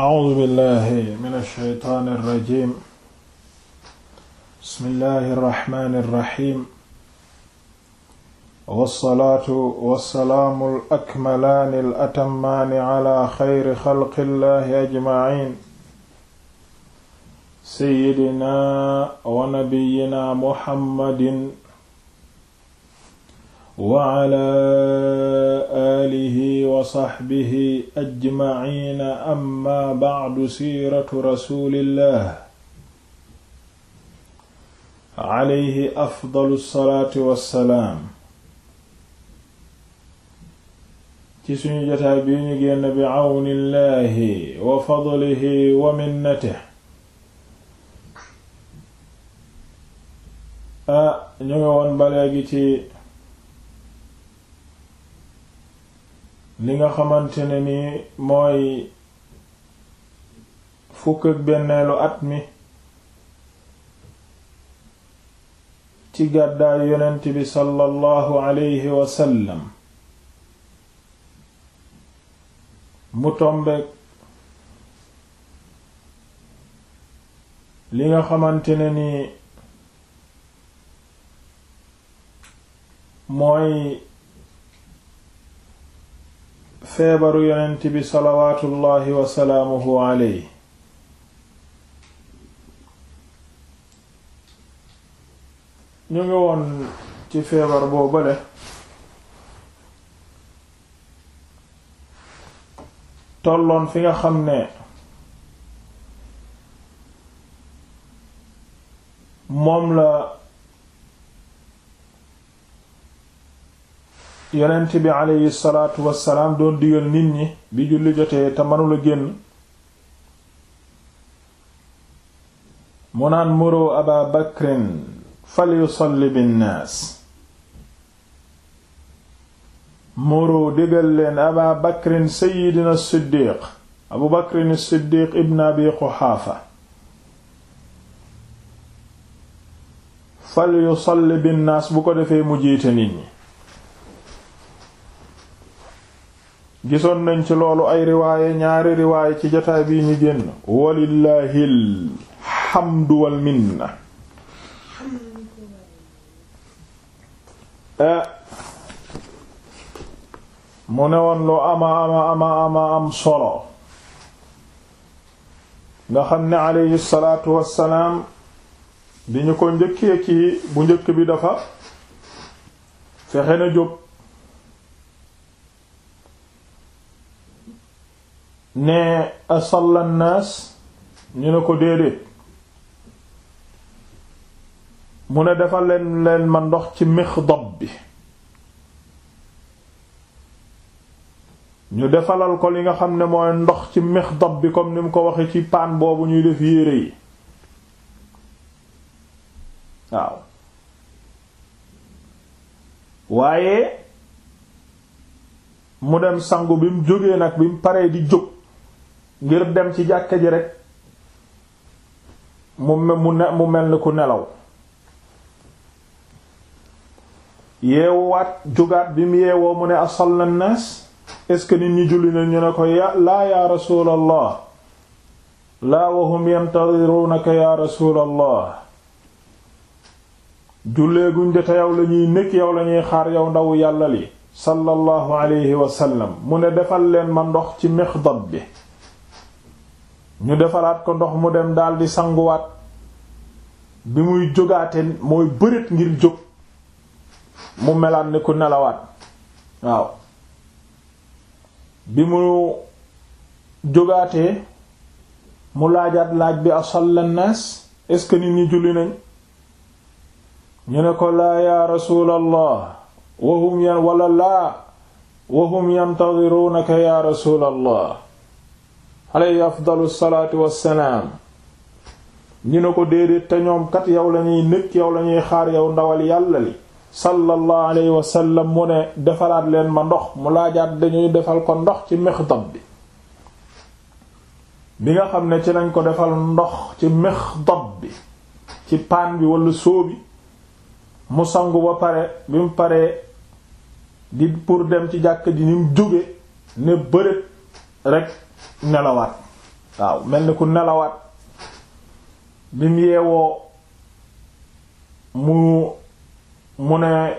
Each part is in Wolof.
أعوذ بالله من الشيطان الرجيم بسم الله الرحمن الرحيم والصلاة والسلام الأكملان الأتمان على خير خلق الله أجمعين سيدنا ونبينا محمد wa ala alihi wa saxbihi ajmaciina amma bacdu siiratu rasulillah alayhi afdalu salaatu wassalaam ci suñu jotaay bi ñu génn bi ah, ci li nga xamante ne ni mooy fukk ak benneelu at mi ci gàddaay yonent bi sallallahu alayhi wasallam mu tombe li nga xamante ne ni mooy feebaru yonent bi salawaatullaahi wa salaamuhu alayhi ñu ngi woon ci feebar boobale tolloon fi nga xam ne moom la yonent bi aleyhi salaatu wassalaam doon digal nit ñi bi julli jotee te mënula génn mu naan muroo aba bakrin falyusalli binnaas muroo digal leen aba bakrin seydina abu bakrin siddiq ibn abi quxaafa falyusalli binnaas bu ko defee mu jiite nit ñi gisoon nañ ci loolu ay riwaaye ñaari riwaaye ci jotaay bii ñu génn walillahil hamdu wal minna eh, mu ne woon lu ama ama ama am solo nga xam ne alayhi salaatu wassalaam bi ñu ko njëkkee ci bu njëkk bi dafa fexe na jóg ne asalla naas ñu ne ko déedéet mu ne defal leen ma ndox ci mixdab bi ñu defalal ko li nga xam ne mooy ndox ci mixdab bi comme ni mu ko waxe ci paan boobu ñuy def yére yi waaw waaye mu dem sangu bi mu jógee nag bi mu paree di jóg ngir dem ci jàkka ji rekk mu mel ni ku nelaw yeewuwaat jógaat bi mu yeewoo mu ne asalla na est-ce que nit ñi julli na ñu ne ko ya laa ya rasuulallah laa wahum yantadirunaka ya rasuulallah jullee guñ de te yow la ñuy yow la xaar yow ndaw yàlla li sallallahu alayhi mu ne defal leen ma ndox ci mixdab bi ñu defaraat ko ndox mu dem daldi sanguwaat bi muy jógaate mooy bëreet ngir jóg mu melaat ni ku nelawaat waaw bi mu jógaatee mu laajaat laaj bi asalla naas est-ce que nit julli nañ ñu ne ko laa ya rasulallah wahum yan wala laa wahum yantadiruunaka ya rasulallah alayhi afdalu salaatu wassalaam ñu ne ko déedéet te ñoom kat yow lañuy nëkk yow lañuy xaar yow ndawal yàlla li sallallahu alayhi wasallam mu ne defalaat leen ma ndox mu laajaat dañuy defal ko ndox ci mixdab bi bi nga xam ne ci lañ ko defal ndox ci mixdab bi ci paan bi walla sóobi mu sangu ba pare bi mu paree di pour dem ci jàkk ji ni mu jóge ne bërét rek nelawaat waaw mel ni ku nelawaat bi mu yeewoo mu mu ne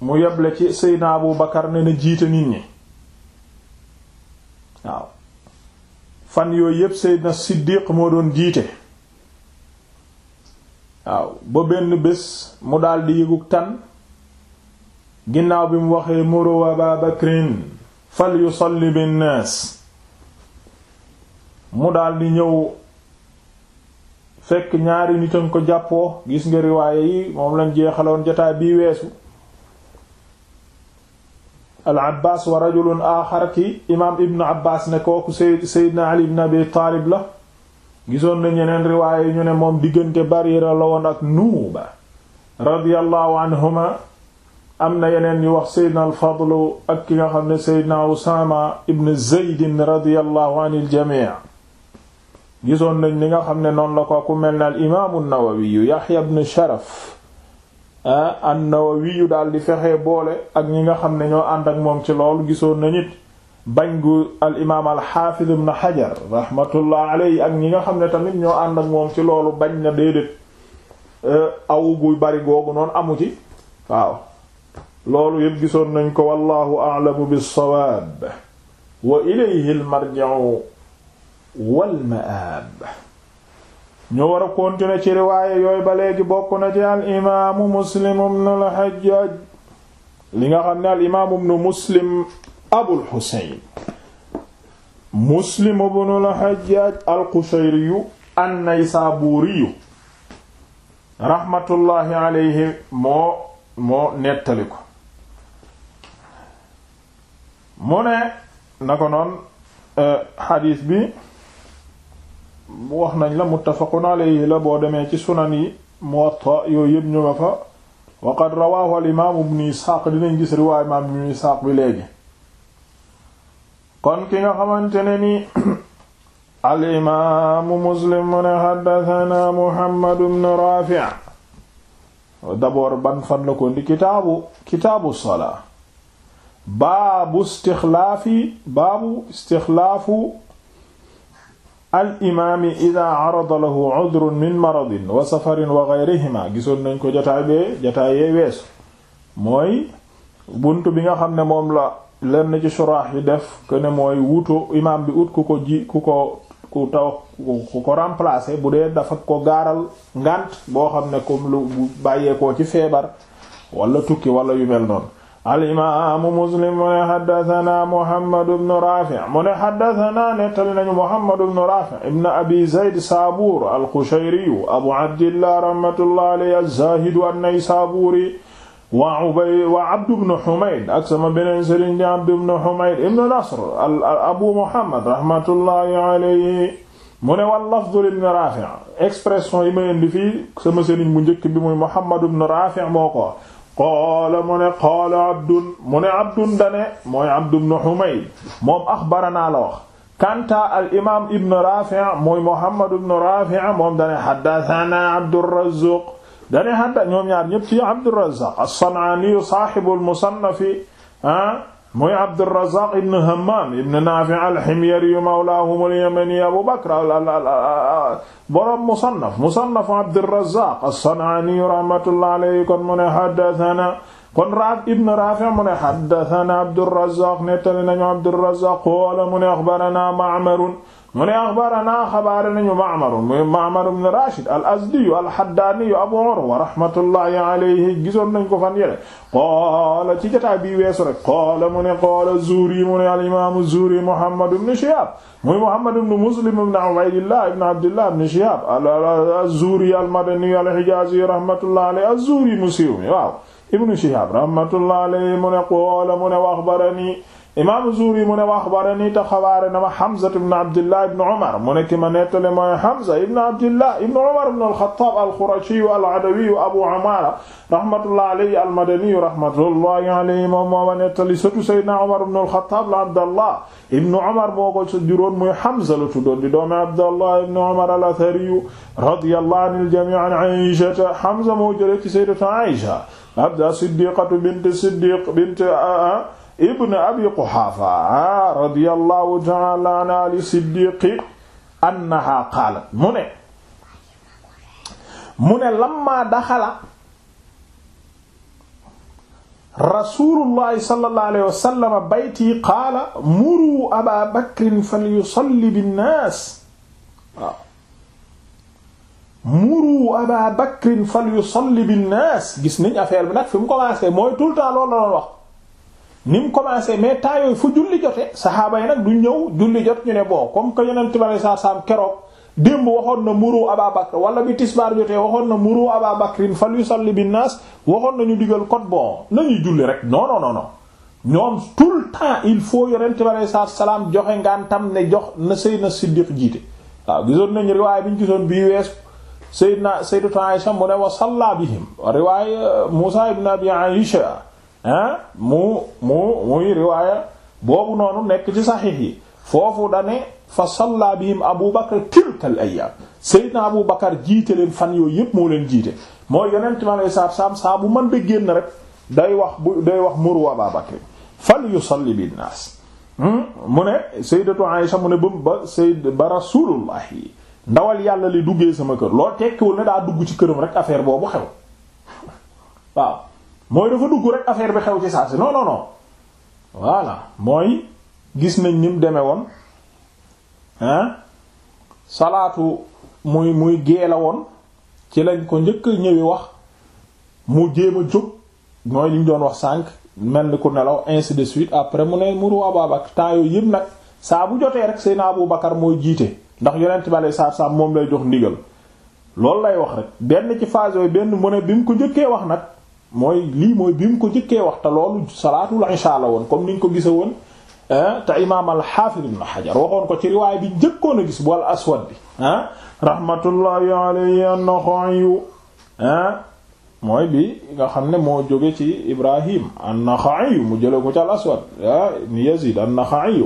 mu yeble ci Seydina bu Bakar ne na jiite nit ñi waaw fan yooyu yépp Seydina Siddiq moo doon jiite waaw ba benn bés mu daldi yëgug tan ginnaaw bi mu waxee muru Aba Bakrin falyusalli binnaas mu daldi ñëw fekk ñaari nitam ko jàppoo gis nga riwaaye yi moom lañ jeexaloon jotaay bii weesu al abbas wa rajulun aaxar ki imaam ibnu abbas ne kooku sayd saydna ali ibn abi taalib la gisoon na ñeneen riwaaye yi ñu ne moom diggante Bariira la woon ak Nuuba radiyallahu anhuma am na yeneen yu wax seydna alfadlu ak ki nga xam ne seydna usaama ibn zeydin radiallahu an iljamii gisoon nañ li nga xam ne noonu la ko ku mel ne al imaamu nawawiyu yaxya ibn sharaf ah, an nawawiyu daal di fexe boole ak ñi nga xam ne ñoo ànd ak moom ci loolu gisoon nañ bañ gu al imaam al xaafid ibn xajar rahmatullah alayhi ak ñi nga xam ne tamit ñoo ànd ak moom ci loolu bañ na déedéet eh, aw guy bari googu noonu amu ci waaw loolu yépp gisoon nañ ko wallahu a'lamu bis-sawaab wa ilayhi al-marji'u wal ma'aab ñu war ci riwaaye yooyu ba léegi bokk na ci al imaamu muslim ibn al hajjaj muslim abul husayn muslim ibn al hajjaj al moo moo mu ne na ko noon euh, xadiis bi wax nañ la muttafaqun alayhi la boo demee ci sunan yi muwatta yooyu yëpp ñu nga fa wa qad rawaahu al imaam ibn isxaaq dinañ gis riwaay imaam ibn isxaaq bi léegi kon ki nga xamante ne ni al imaamu muslim mu ne xaddatanaa bnu raafi d'abord ban fan la ko ndi kitaabu kitaabu salaa baabu istixlaafi baabu istixlaafu al imaami idaa arada lahu udrun min maradin wa safarin wa gayrihima gisoon nañ ko jataay bee jataay yee weesu mooy bunt bi nga xam ne moom la lenn ci suraax yi def que ne mooy wuto imaam bi ut ku ko ji ku ko ku taw bu dee dafa ko gaaral ngànt boo xam ne comme lu bàyyeekoo ci feebar wala tukki wala yu mel noonu alimaamu muslim mu ne xaddatana mohammadu bnu raafi mu ne xaddatana nettali nañu mohammadu bnu raafi ibn abi zayd saabuur alxushayriyu abu abdillah rahmatullah aley azaahidu annay saabuuri wa ubay wa abdu bnu xumaid ak sama beneen sëriñ di abdu bnu xumaid ibnu nasr abu mohammad rahmatullahi aleyhi mu ne wal lafdu libnu raafi expression yi ma indi fii sama sëriñ bu njëkk bi muy mohammadu bnu raafi moo ko qaala mu ne qaala abdun mu ne abdun dane mooy abdu ibn humayd moom axbaranaa la wax kanta al imam ibn rafi' mooy muhammad ibn rafi' moom dane haddathana abdurrazzaq dane hadda ñoom ñaar ñépp ci abdurrazzaq as-san'ani sahibu al-musannaf ah muy Abdurrazzaq ibn Hammam ibn Nafi' al-Himyari mawlahum al-Yamani Abu Bakr borom Musannaf Musannaf Abdurrazzaq as-San'ani rahmatullah alayhi kon mu ne haddathana kon Raab ibn Rafi' mu ne haddathana Abdurrazzaq nettali nañu Abdurrazzaq qaala mu ne akhbarana Ma'mar mu ne axbarana xabaare nañu Ma'mar muy Ma'mar ibn Rashid al-Azdi al-Haddani Abu Urwa rahmatullahi alayhi gisoon nañ ko fan yele qaala ci jotaay bii weesu rek qaala mu ne qaala Zuhri mu ne al-imam Zuhri Muhammad ibn Shihab muy Muhammad ibn Muslim ibn Ubaydillah ibn Abdillah ibn Shihab az-Zuhri al-Madani al-Hijazi rahmatullahi alayhi az-Zuhri mu siiw mi waaw ibn Shihab rahmatullahi alayhi mu ne qaala mu ne axbarani imaam Zuhri mu ne wax axbarani ta xabaare na ma Hamza ibn Abdillah ibn Umar mu nekk ma nettale mooy Hamza ibn Abdillah ibn Umar ibn al-Khattab al-Qurashi al-Adawi Abu Amara rahmatullahi alayhi al-Madani rahmatullahi alayhi moom moo ma nettali surtout Seydina Umar ibn al-Khattab la Abdallah ibn Umar moo ko juróon muy Hamza la tuddoon di doomi Abdallah ibn Umar al-Athari radiyallahu anil jami' an Aisha Hamza moo jëlee ci Sayyidatuna Aisha Siddiqatu bint Siddiq bint ah, ah, ibn abi quhaafa ah, radiyallahu ta'ala an ali siddiqi annaha qaalat mu ne mu ne lamma daxala rasulullahi sallallahu alayhi wa sallam bayti qaala muru aba bakrin falyusalli binnaas waaw muru aba bakrin falyusalli binnaas gis nañ affaire bi nag fi mu commencé mooy tout le temps loolu la doon wax ni mu commencé mais temps yooyu fu julli jote saxaaba yi nag du ñëw julli jot ñu ne bon comme que yonent bi aleyhi salaatu salaam keroog démb waxoon na muru Abaa Bakr wala bi tisbaar jotee waxoon na muru Abaa Bakrin fal yusalli bin naas waxoon nañu digal code bon nañuy julli rek non non non ñoom tout le temps il faut yonent bi aleyhi salaatu salaam joxe ngantam ne jox na Seydina Siddiq jiite waaw gisoon nañu riwaay bi ñu gisoon bii wees Seydina Sayyidatu Aisha mu ne wa salla bihim riwaay euh, Muusaa ibn Abi Aisha mu mu muy riwaaya boobu noonu nekk ci saxiix yi foofu dane fa salla bihim abu bakar tilkal ayyaam seydina abu bakar jiite leen fan yooyu yépp moo leen jiite moo yeneen ma lay saab saab saa bu mën de génn rek day wax bu day wax muru abaa bakar fal yusalli bin naas hmm? mu ne sayyidatu Aisha mu ne ba sayyid ba rasulullah yi ndawal yàlla li duggee sama kër loo tekkiwul ne daa dugg ci këram rek affaire boobu xew waaw mooy dafa dugg rek affaire bi xew ci saa si non non non mooy gis nañ ni mu demee woon ah salaatu muy muy geela woon ci lañ ko njëkk ñëwi wax mu jéem a jóg mooy li ñu doon wax sànq mel ni ku nelaw ainsi de suite après mu ne muru Ababakar temps yooyu yëpp nag saa bu jotee rek Seydina Abu Bakar mooy jiite ndax yonent bale saa saa moom lay jox ndigal loolu lay wax rek benn ci phase yooyu benn mu ne bi mu ko njëkkee wax nag. mooy lii mooy bi ko jëkkee wax te loolu salaatul isha la woon comme ni ñu ko gise woon ah, te imaam al-Hafiz ibn waxoon ko ci riwaay bi njëkkoon a gis bu al aswad bi ah rahmatullahi alayhi ah, xam ne moo jóge ci Ibrahim an-Nakha'i mu jële ko ci al ah, ni Yazid an-Nakha'i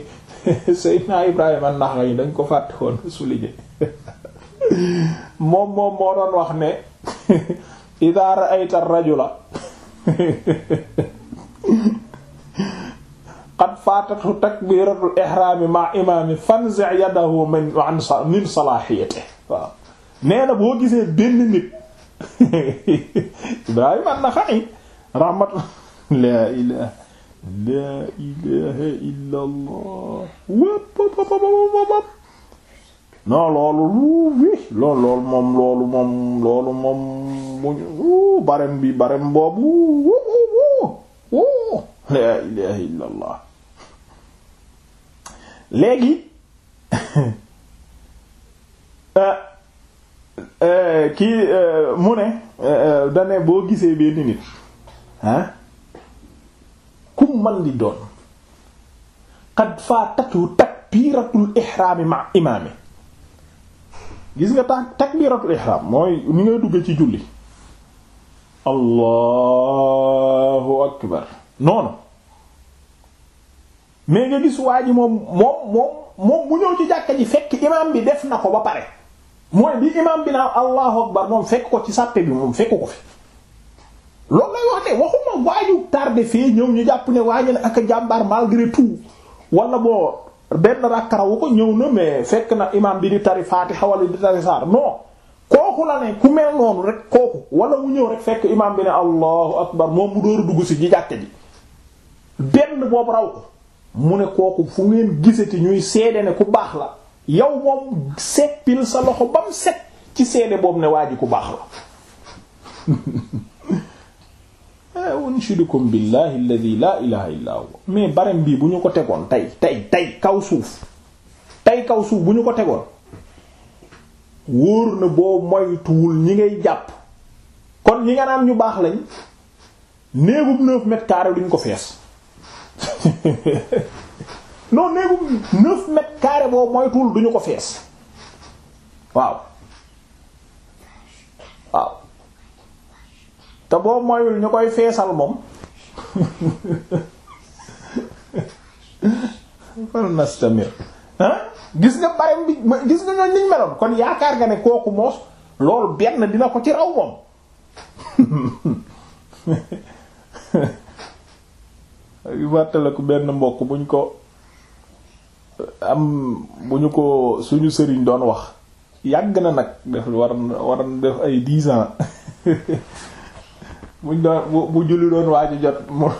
Ibrahim an-Nakha'i ko fàtte woon su moom moom moo doon wax ne idaa ra'ayta ar-rajula qad faatatu takbiratul ihraami ma imaami fanzi' yadahu min min salaahiyatihi waaw nee na boo gisee benn nit Ibrahima an-Naxa'i rahmatu laa ilaaha laa ilaaha illallaah non loolu lu loolu moom loolu moom loolu moom muñu bi barem boobu la ilaha illa allah léegi euh, euh, kii euh, mu ne dane boo gisee benn nit ah kum man di doon qad faatatu ma imaami gis nga tax takbiratul ihram mooy ni ngay duggee ci julli allahu akbar noonu mais nga gis waa moom moom moom ñëw ci jàkka ji fekk imaam bi def na ko ba pare mooy bi imaam bi naan allahu akbar moom fekk ko ci sàppe bi moom fekk ko fi loolu lay wax ne waxuma waaju tardé fii ñëw ñu jàpp ne waa ne ak jàmbaar malgré tout wala boo benn rakka ko ñëw na mais fekk na imam bi di tari faatiha wala di tari saar non kooku la ne ku mel noonu rek kooku wala mu ñëw rek fekk imam bi ne allahu akbar moom mu dóoru dugg si ji jàkke ji benn boobu raw ko mu ne kooku fu ngeen gisati ñuy seede ne ku baax la yow moom seppil sa loxo bam set ci seede boobu ne waa ji ku baax la Eh, unshidukum billahi alladhi la ilaha illa mais barem bii bu ñu ko tegoon tey tey tey kaw suuf tey kaw suuf bu ñu ko tegoon wóor na boo moytuwul ñi ngay jàpp kon ñi nga naan ñu baax lañ néegub neuf mètres carrés ko fees non néegub neuf boo moytuwul duñu ko fees waaw waaw te boo moyul ñu koy feesal moom fal nastamir gis nga barem bi gis nga ñooñ niñ meloon kon yaakaar nga ne kooku moos loolu benn dina ko ci raw moom wàttale ko benn mbokk buñ ko am bu ñu ko suñu sëriñ doon wax yàgg na nag def war war def ay dix mu doon bu julli doon waaju jot mu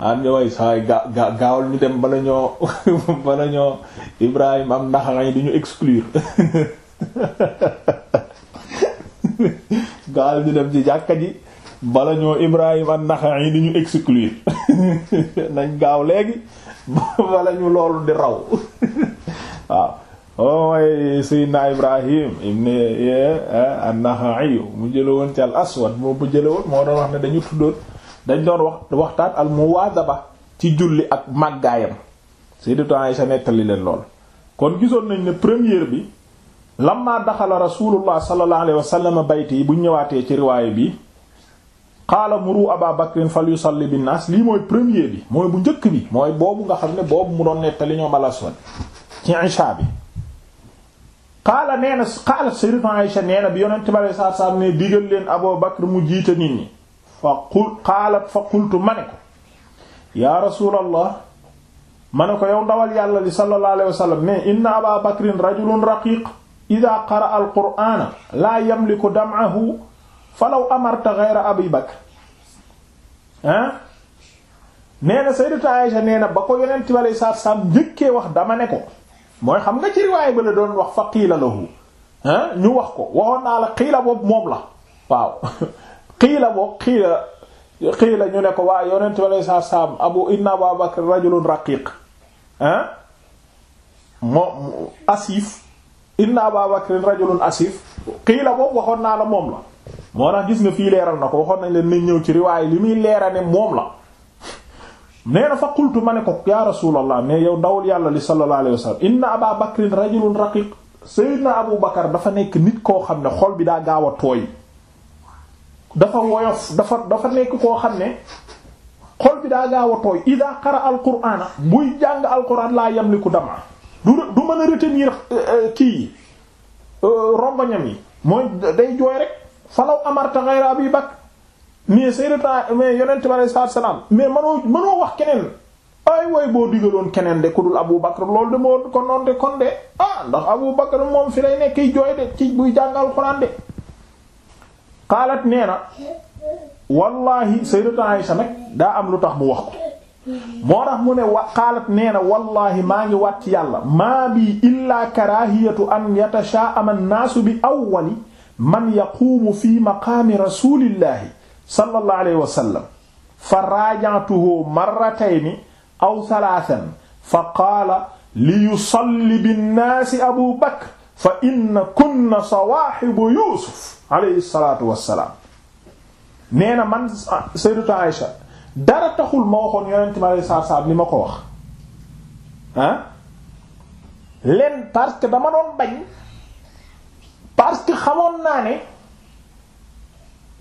naan ah, nga way saay gaa gaawal ñu dem bala ñoo bala ñoo Ibrahim am yi di ñu exclure gaawal ñu dem ji jàkka ji bala ñoo Ibrahim am yi di ñu exclure nañ gaaw léegi bala ñu loolu di raw waaw ooway Seydina Ibrahim ibne eh, an-Nakhai mu jële woon ci al aswad moo bu jële woon moo doon wax ne dañu tuddoon dañ doon wax waxtaan al ba ci julli ak màggaayam Sayyidatu Aisha nettali leen lool kon gisoon nañ ne première bi lamma daxala rasulullah sallallahu alayhi wa sallam bayti yi bu ñëwaatee ci riwaaya bi qaala muru aba bakrin fal yusalli bin naas lii mooy premier bi mooy bu njëkk bi mooy boobu nga xam ne boobu mu doon nettali ñoom al aswad ci isha bi qaala nee na qaala sayyidat Aisha nee na bi yonent bi alayhi salaatu salaam ne digal leen Abu Bakr mu jiite nit ñi fa qul qaalat fa qultu ma ne ko yaa rasuulallah ma ne ko yow ndawal yàlla li sallallahu alayhi wa sallam ne inna Aba Bakrin rajulun raqiq idaa qara'a al-qur'aana laa yamliku dam'ahu falaw amarta ghayra Abi Bakr ah nee na sayyidat Aisha nee na ba ko yonent bi alayhi salaatu salaam njëkkee wax dama ne ko mooy xam nga ci riwaay ba la doon wax fa qiila lahu ah ñu wax ko waxoon naa la qiila boobu moom la waaw qiila boobu qiila qiila ñu ne ko waa yonent bi alayhi salaatu salaam abu inna Abaa Bakr rajulun raqiq ah moom asif inna Abaa Bakr rajulun asif waxoon naa la moom la moo tax gis nga fii leeral na ko waxoon nañ leen nañ ñëw ci riwaay li muy leeral ne moom la nee na fa qultu ma ne ko yaa rasulallah mais yow dawul yàlla li sallallahu alayhi wa sallam inna aba bakrin rajulun raqiq sayyidna abu bakar dafa nekk nit koo xam ne xol bi daa gaaw a tooy dafa dafa nekk koo xam ne xol bi daa gaaw a tooy ida qara al qur'ana buy jàng al qur'an laa yamliku dama du du mën a retenir euh, kii euh, rongoñam yi mooy day jooy rek falaw amarta ghayra abi bakr mais Seydina a yonent bi alayhi salaam mais mënoo mënoo wax keneen ay way boo digaloon keneen de ku Abu Bakr loolu de moo ko noon de kon de ah ndax Abu Bakr moom fi lay nekk jooy de ci buy jàngal Quraan de. xaalaat nee na wallaahi Seydina Aysa nag daa am lu tax mu wax ko moo tax mu ne wa xaalaat nee maa ngi waat ci yàlla maa bi illaa karaahiyatu an yatashaa'ama an-naasu bi awwali man yaquumu fi maqaami rasuulillahi sallallahu alayhi wa sallam fa raajantuhu marratayni aw thalathan fa qaala li yusalli binnaasi abu bakr fa inna kunna sawaahibu yuusuf alayhi salaatu wassalaam nee na man ah, sayyidatu Aïsha dara taxul ma waxoon yonent mi alayhi salaatu wassalaam li ma ko wax ah leen parce que dama doon bañ parce que xamoon naa ne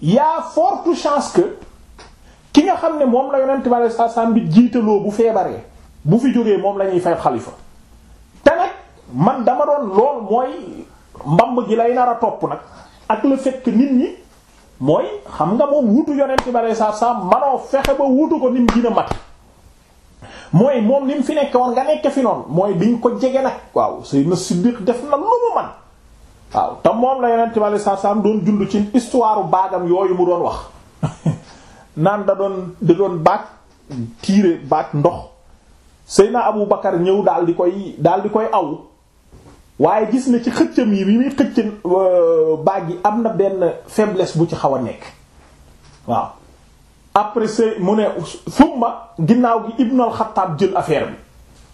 y'a forte chance que ki nga xam ne moom la yonent bi alei satu salaam bi jiitaloo bu feebaree bu fi jógee moom lañuy ñuy fay xalifa te nag man dama doon lool mooy mbamb gi lay nar a topp nag ak le fekk nit ñi mooy xam nga moom wutu yonent bi alei satu salaam manoo fexe ba wutu ko nim gën a mat mooy moom ni mu fi nekk woon nga nekk fi noonu mooy diñ ko jege nag waaw Seydina Siddiq def na lu mu man waaw te moom la yeneen timali sarsam doon dund ci histoire baagam yooyu mu doon wax naan da doon da doon baag tiire baag ndox Seyna Abu Bakar ñëw daal di koy daal di koy aw waaye gis na ci xëccam yi bi muy xëcc euh, baag yi am na benn faiblesse bu ci xaw a nekk waaw après se mu ne summa ginnaaw gi Ibn al-Khattab jël affaire bi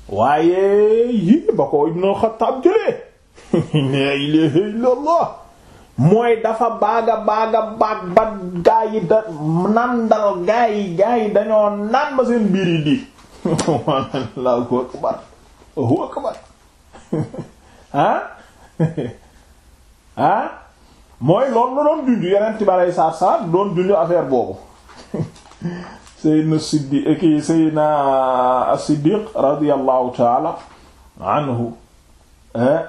waaye yi ba ko Ibn al-Khattab jëlee la ilaha illallah mooy dafa baaga baaga baag ba gaa da nandal gaa yi gaa dañoo naan ba seen biir yi di Allahu akbar Allahu akbar ah ah mooy loolu la doon junj yeneen tibaraayu saa saa doon junj affaire boobu Seydina Siddiq eh, kii Seydina Siddiq radiyallahu taala anhu eh?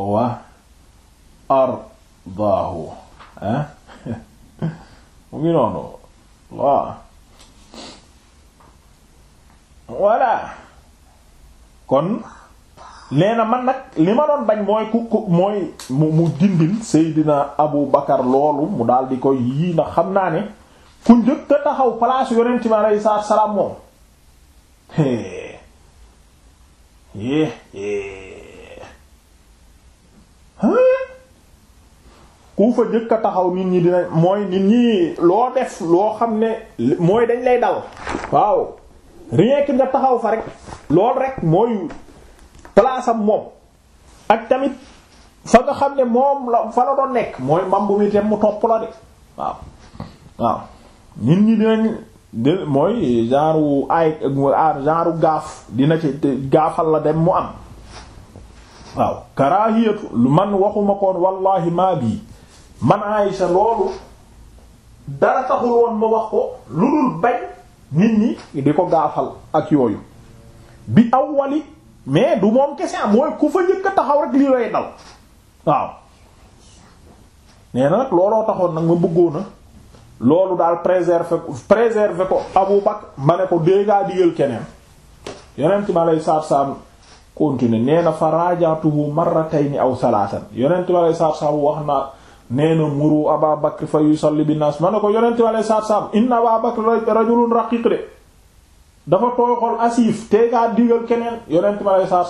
wa ardaahu ah eh? mu ngi noonu waaw voilà kon nee man nag li ma doon bañ mooy ku ku mooy mu mu dindil Seydina Abu Bakar loolu mu daal di koy yii na xam naa ne ku njëkk a taxaw place yonent bi aleyhi salaatu wa salaam moom. ku fa jëkk a taxaw nit ñi dinañ mooy nit ñi loo def loo xam ne mooy dañ lay daw waaw rien que nga taxaw fa rek lool rek mooy place am moom ak tamit fa nga xam ne moom la fa la doon nekk mooy mam bu muy dem mu topp la de waaw waaw nit ñi dinañ de mooy genre ay genre gaaf dina ci gaafal la dem mu am waaw lu man waxuma koon wallahi maa bii man Aysa loolu dara taxul woon ma wax ko lu dul bañ nit ñi di ko gaafal ak yooyu bi awwali mais du moom kese am ah mooy ku fa njëkk a taxaw rek lii lay dal waaw nee na looloo taxoon nag ma bëggoon loolu daal préserver préserver ko Abu Bakr ma ne ko dee ngaa digal keneen yonent ma lay saar saam continuer nee na fa raajaatuhu marratayni aw salaatan yonent bi alei saatu salaam wax naa nee na muru aba bakr fa yusalli bi naas ma ko yonent bi alei saatu salaam inna aba bakr rajulun raqiq de dafa tooy xol asif teegaa digal keneen yonent bi waxaat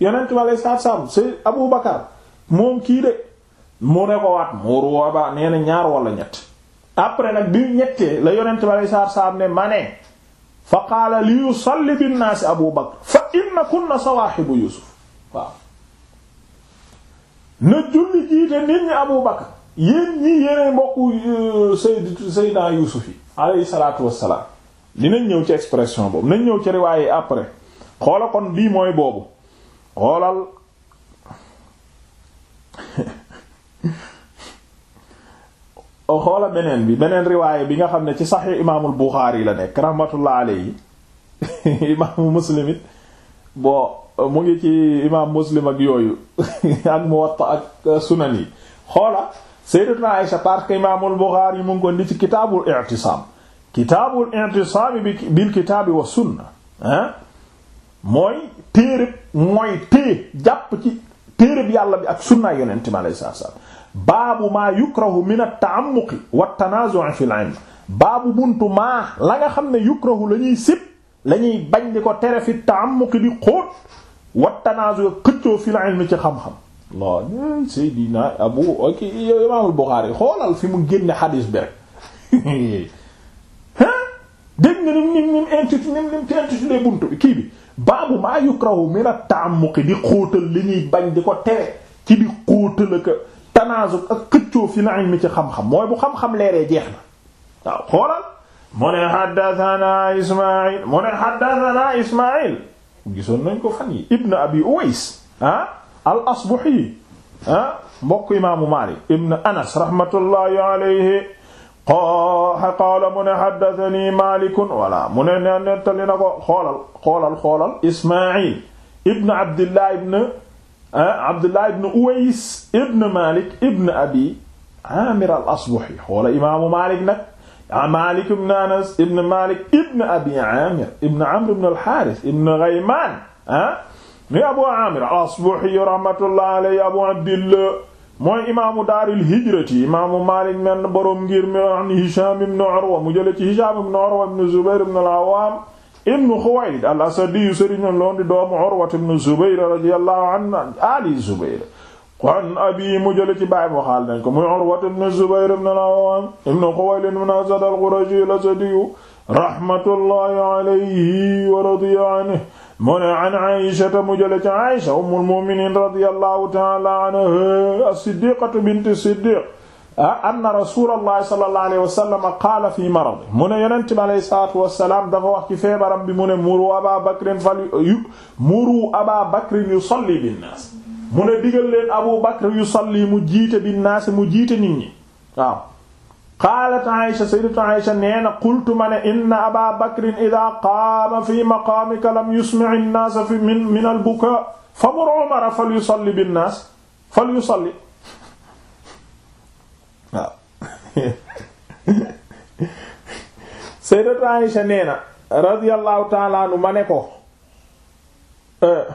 la même chose ab moom kii de mu ne ko waat muru aba nee ñaar wala ñett après nag bi ñettee la yonent bi alei saatu ne ma fa qaala li yusalli binnaasi abu bakr fa inna kunna sawaaxibu yusuf waaw na julli jiite nit ñi abu bakr yéen ñii yéenay mbokku euh, sayd saydna yusuf yi alayhi salaatu wassalaam dinañ ñëw ci expression boobu nañ ñëw ci riwaaye après xoola kon lii mooy boobu xoolal Oh, xoola beneen bi beneen riwaayé bi nga xam ne ci saxix imaamul Buxaari la nekk rahmatullah alayhi imaamu Muslim it bon mu ngi ci imaam Muslim ak yooyu ak Muwatta ak uh, sunan yi xoola sayyidatuna yi parce que imaamul Buxaari mu ngi ko ndi ci kitaabul i'tisaam bi bil kitaabi wa sunna ah mooy téereb mooy tée jàpp ci téereb yàlla bi ak sunnaay yonente mi alayhi salaatu baabu maa yukrahu min at-ta'ammuqi wa tanaazu'i fil ilm la nga xam ne yukrahu la ñuy sib lañuy bañ di ko tere fi ta'ammuqi di xóot wa tanaazu'i xëccoo fil ci xam la mu génne xadiis nga nim nim nim intitulé kii bi baabu maa yukrahu min at-ta'ammuqi di xóotal li ñuy bañ di ko tere ci di xóotal ak tanaazug ak xëccoo fi la ilmi ci xam-xam mooy bu xam-xam leeree jeex na waaw xoolal mu ne xaddatanaa ismail mu ne xaddatanaa ismail gisoon nañ ko fan yi ibn abi uwais ah al asbahi ah mbokk imaamu malik ibn anas rahmatullahi alayhi qaala mu ne xaddatani malikun wala mu ne nettali na ko xoolal xoolal xoolal ismail ibn abdillah ibn Abdullah ibn Uwais ibn Malik ibn Abi Amir al-Asbahi xoola imaamu Malik nag ah, Malik ibn Anas ibn Malik ibn Abi Amir ibn Amr ibn al-Harith ibn Ghayman ah mi Abu Amir al-Asbahi rahmatullah alayhi Abu Abdillah mooy imaamu daaril hijrati imaamu Malik men borom ngir mi an Hisham ibn Urwa mu jële ci Hisham ibn Urwa ibn Zubair ibn al-Awwam ibnu Xuwaylid al asadi yu sëriñam loon di doomu Urwat ibnu Zubayr radiyallahu anhu ali Zubayr kon abi mu jële ci baay waxaal nañ ko muy Urwat ibnu Zubayr ibnu al-Awwam ibnu Xuwaylid ibnu Asad al-Qurashi al asadi rahmatullahi alayhi wa radiya anhu mu ne an Aysata mu jële ci Aysa ummul mu'minin radiyallahu ta'ala anha as-Siddiqatu bint as-Siddiq Ah, anna rasulallahi sallallahu alayhi wa sallam qaala fi maradi mu ne yonent bi alayhi salaatu wa salaam dafa wax ci feebaram bi mu ne muru Abaa Bakrin fal yu muru Abaa Bakrin yusalli binnaas mu ne digal leen Abu Bakr yusalli mu jiite binnaas mu jiite nit ñi waaw. qaalat Aïcha sayyidatu Aïcha nee na qultu ma ne inna Abaa Bakrin idaa qaama fii maqaamika lam yusmi' an-naas min min al-bukaa' famur Umara fal yusalli binnaas fal yusalli waaw ah. sayyidatu Aisha nee na radiyallahu ta'ala ma ne ko euh.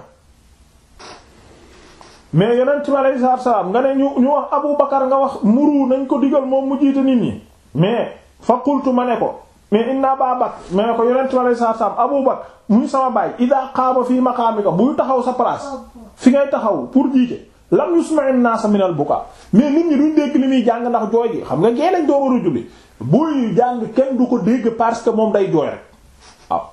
mais yonent bi alayhi salaatu salaam nga ne ñu ñu wax Abu Bakar nga wax muru nañ ko digal moom mu jiite nit ñi mais fa qultu ma ne ko mais naa Aba Bakr ma ne ko yonent bi alayhi salaatu salaam Abu Bakr muy sama baay idaa qaama fii maqaamika buy taxaw sa place oh, fi ngay taxaw pour jiite lam yusma'in naasa min al buka mais nit ñi duñ dégg li muy jàng ndax jooy gi xam nga gee nañ doo war a julli buy jàng kenn du ko dégg parce que moom day jooy rek waaw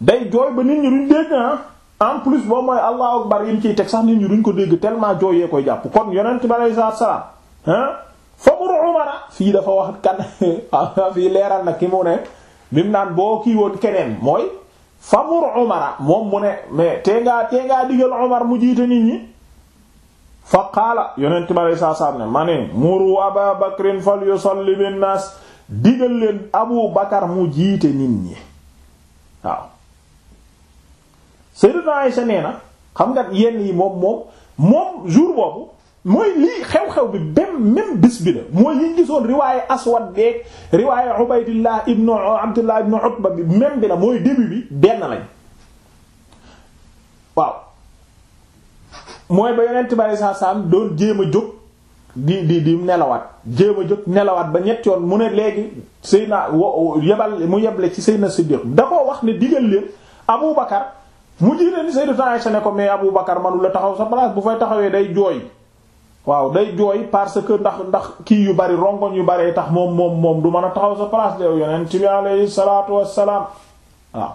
day jooy ba nit ñi duñ dégg ah en plus boo mooy allahu bar yi mu ciy teg sax nit ñi duñ ko dégg tellement yee koy jàpp kon yonent bi aleyhi salaatu salaam ah famur umara fii dafa wax kan ah, fii leeral na ki mu ne bi naan boo kii woon keneen mooy famur umara moom mu ne mais tee ngaa tee ngaa digal ñi fa qaala yonent ma lay saa saa ne ma muru aba bakrin fal yusalli bin naas digal leen abu bakar mu jiite nit ñi waaw sayyidina Aisha nee na xam nga yenn yi moom moom moom jour boobu mooy lii xew-xew bi bem même bis bi la mooy yi ñu gisoon riwaaye aswad beeg riwaaye ubaydillah ibnu utba bi même bi la mooy début bi benn lañ waaw mooy ba yonent bi saa saam doon jéem a jóg di di di nelawaat jéem a jóg nelawaat ba ñett yoon mu ne léegi Seydina wo yebal mu yeble ci Seydina Siddiq da koo wax ne digal leen Abu Bakar mu jiite ni Sayyidatu Aisha ne ko mais Abu Bakar manu la taxaw sa place bu fay taxawee day jooy waaw day jooy parce que ndax ndax kii yu bari rongoñ yu baree tax moom moom moom du mën a taxaw sa place de yonent bi alayhi salaatu wassalaam waaw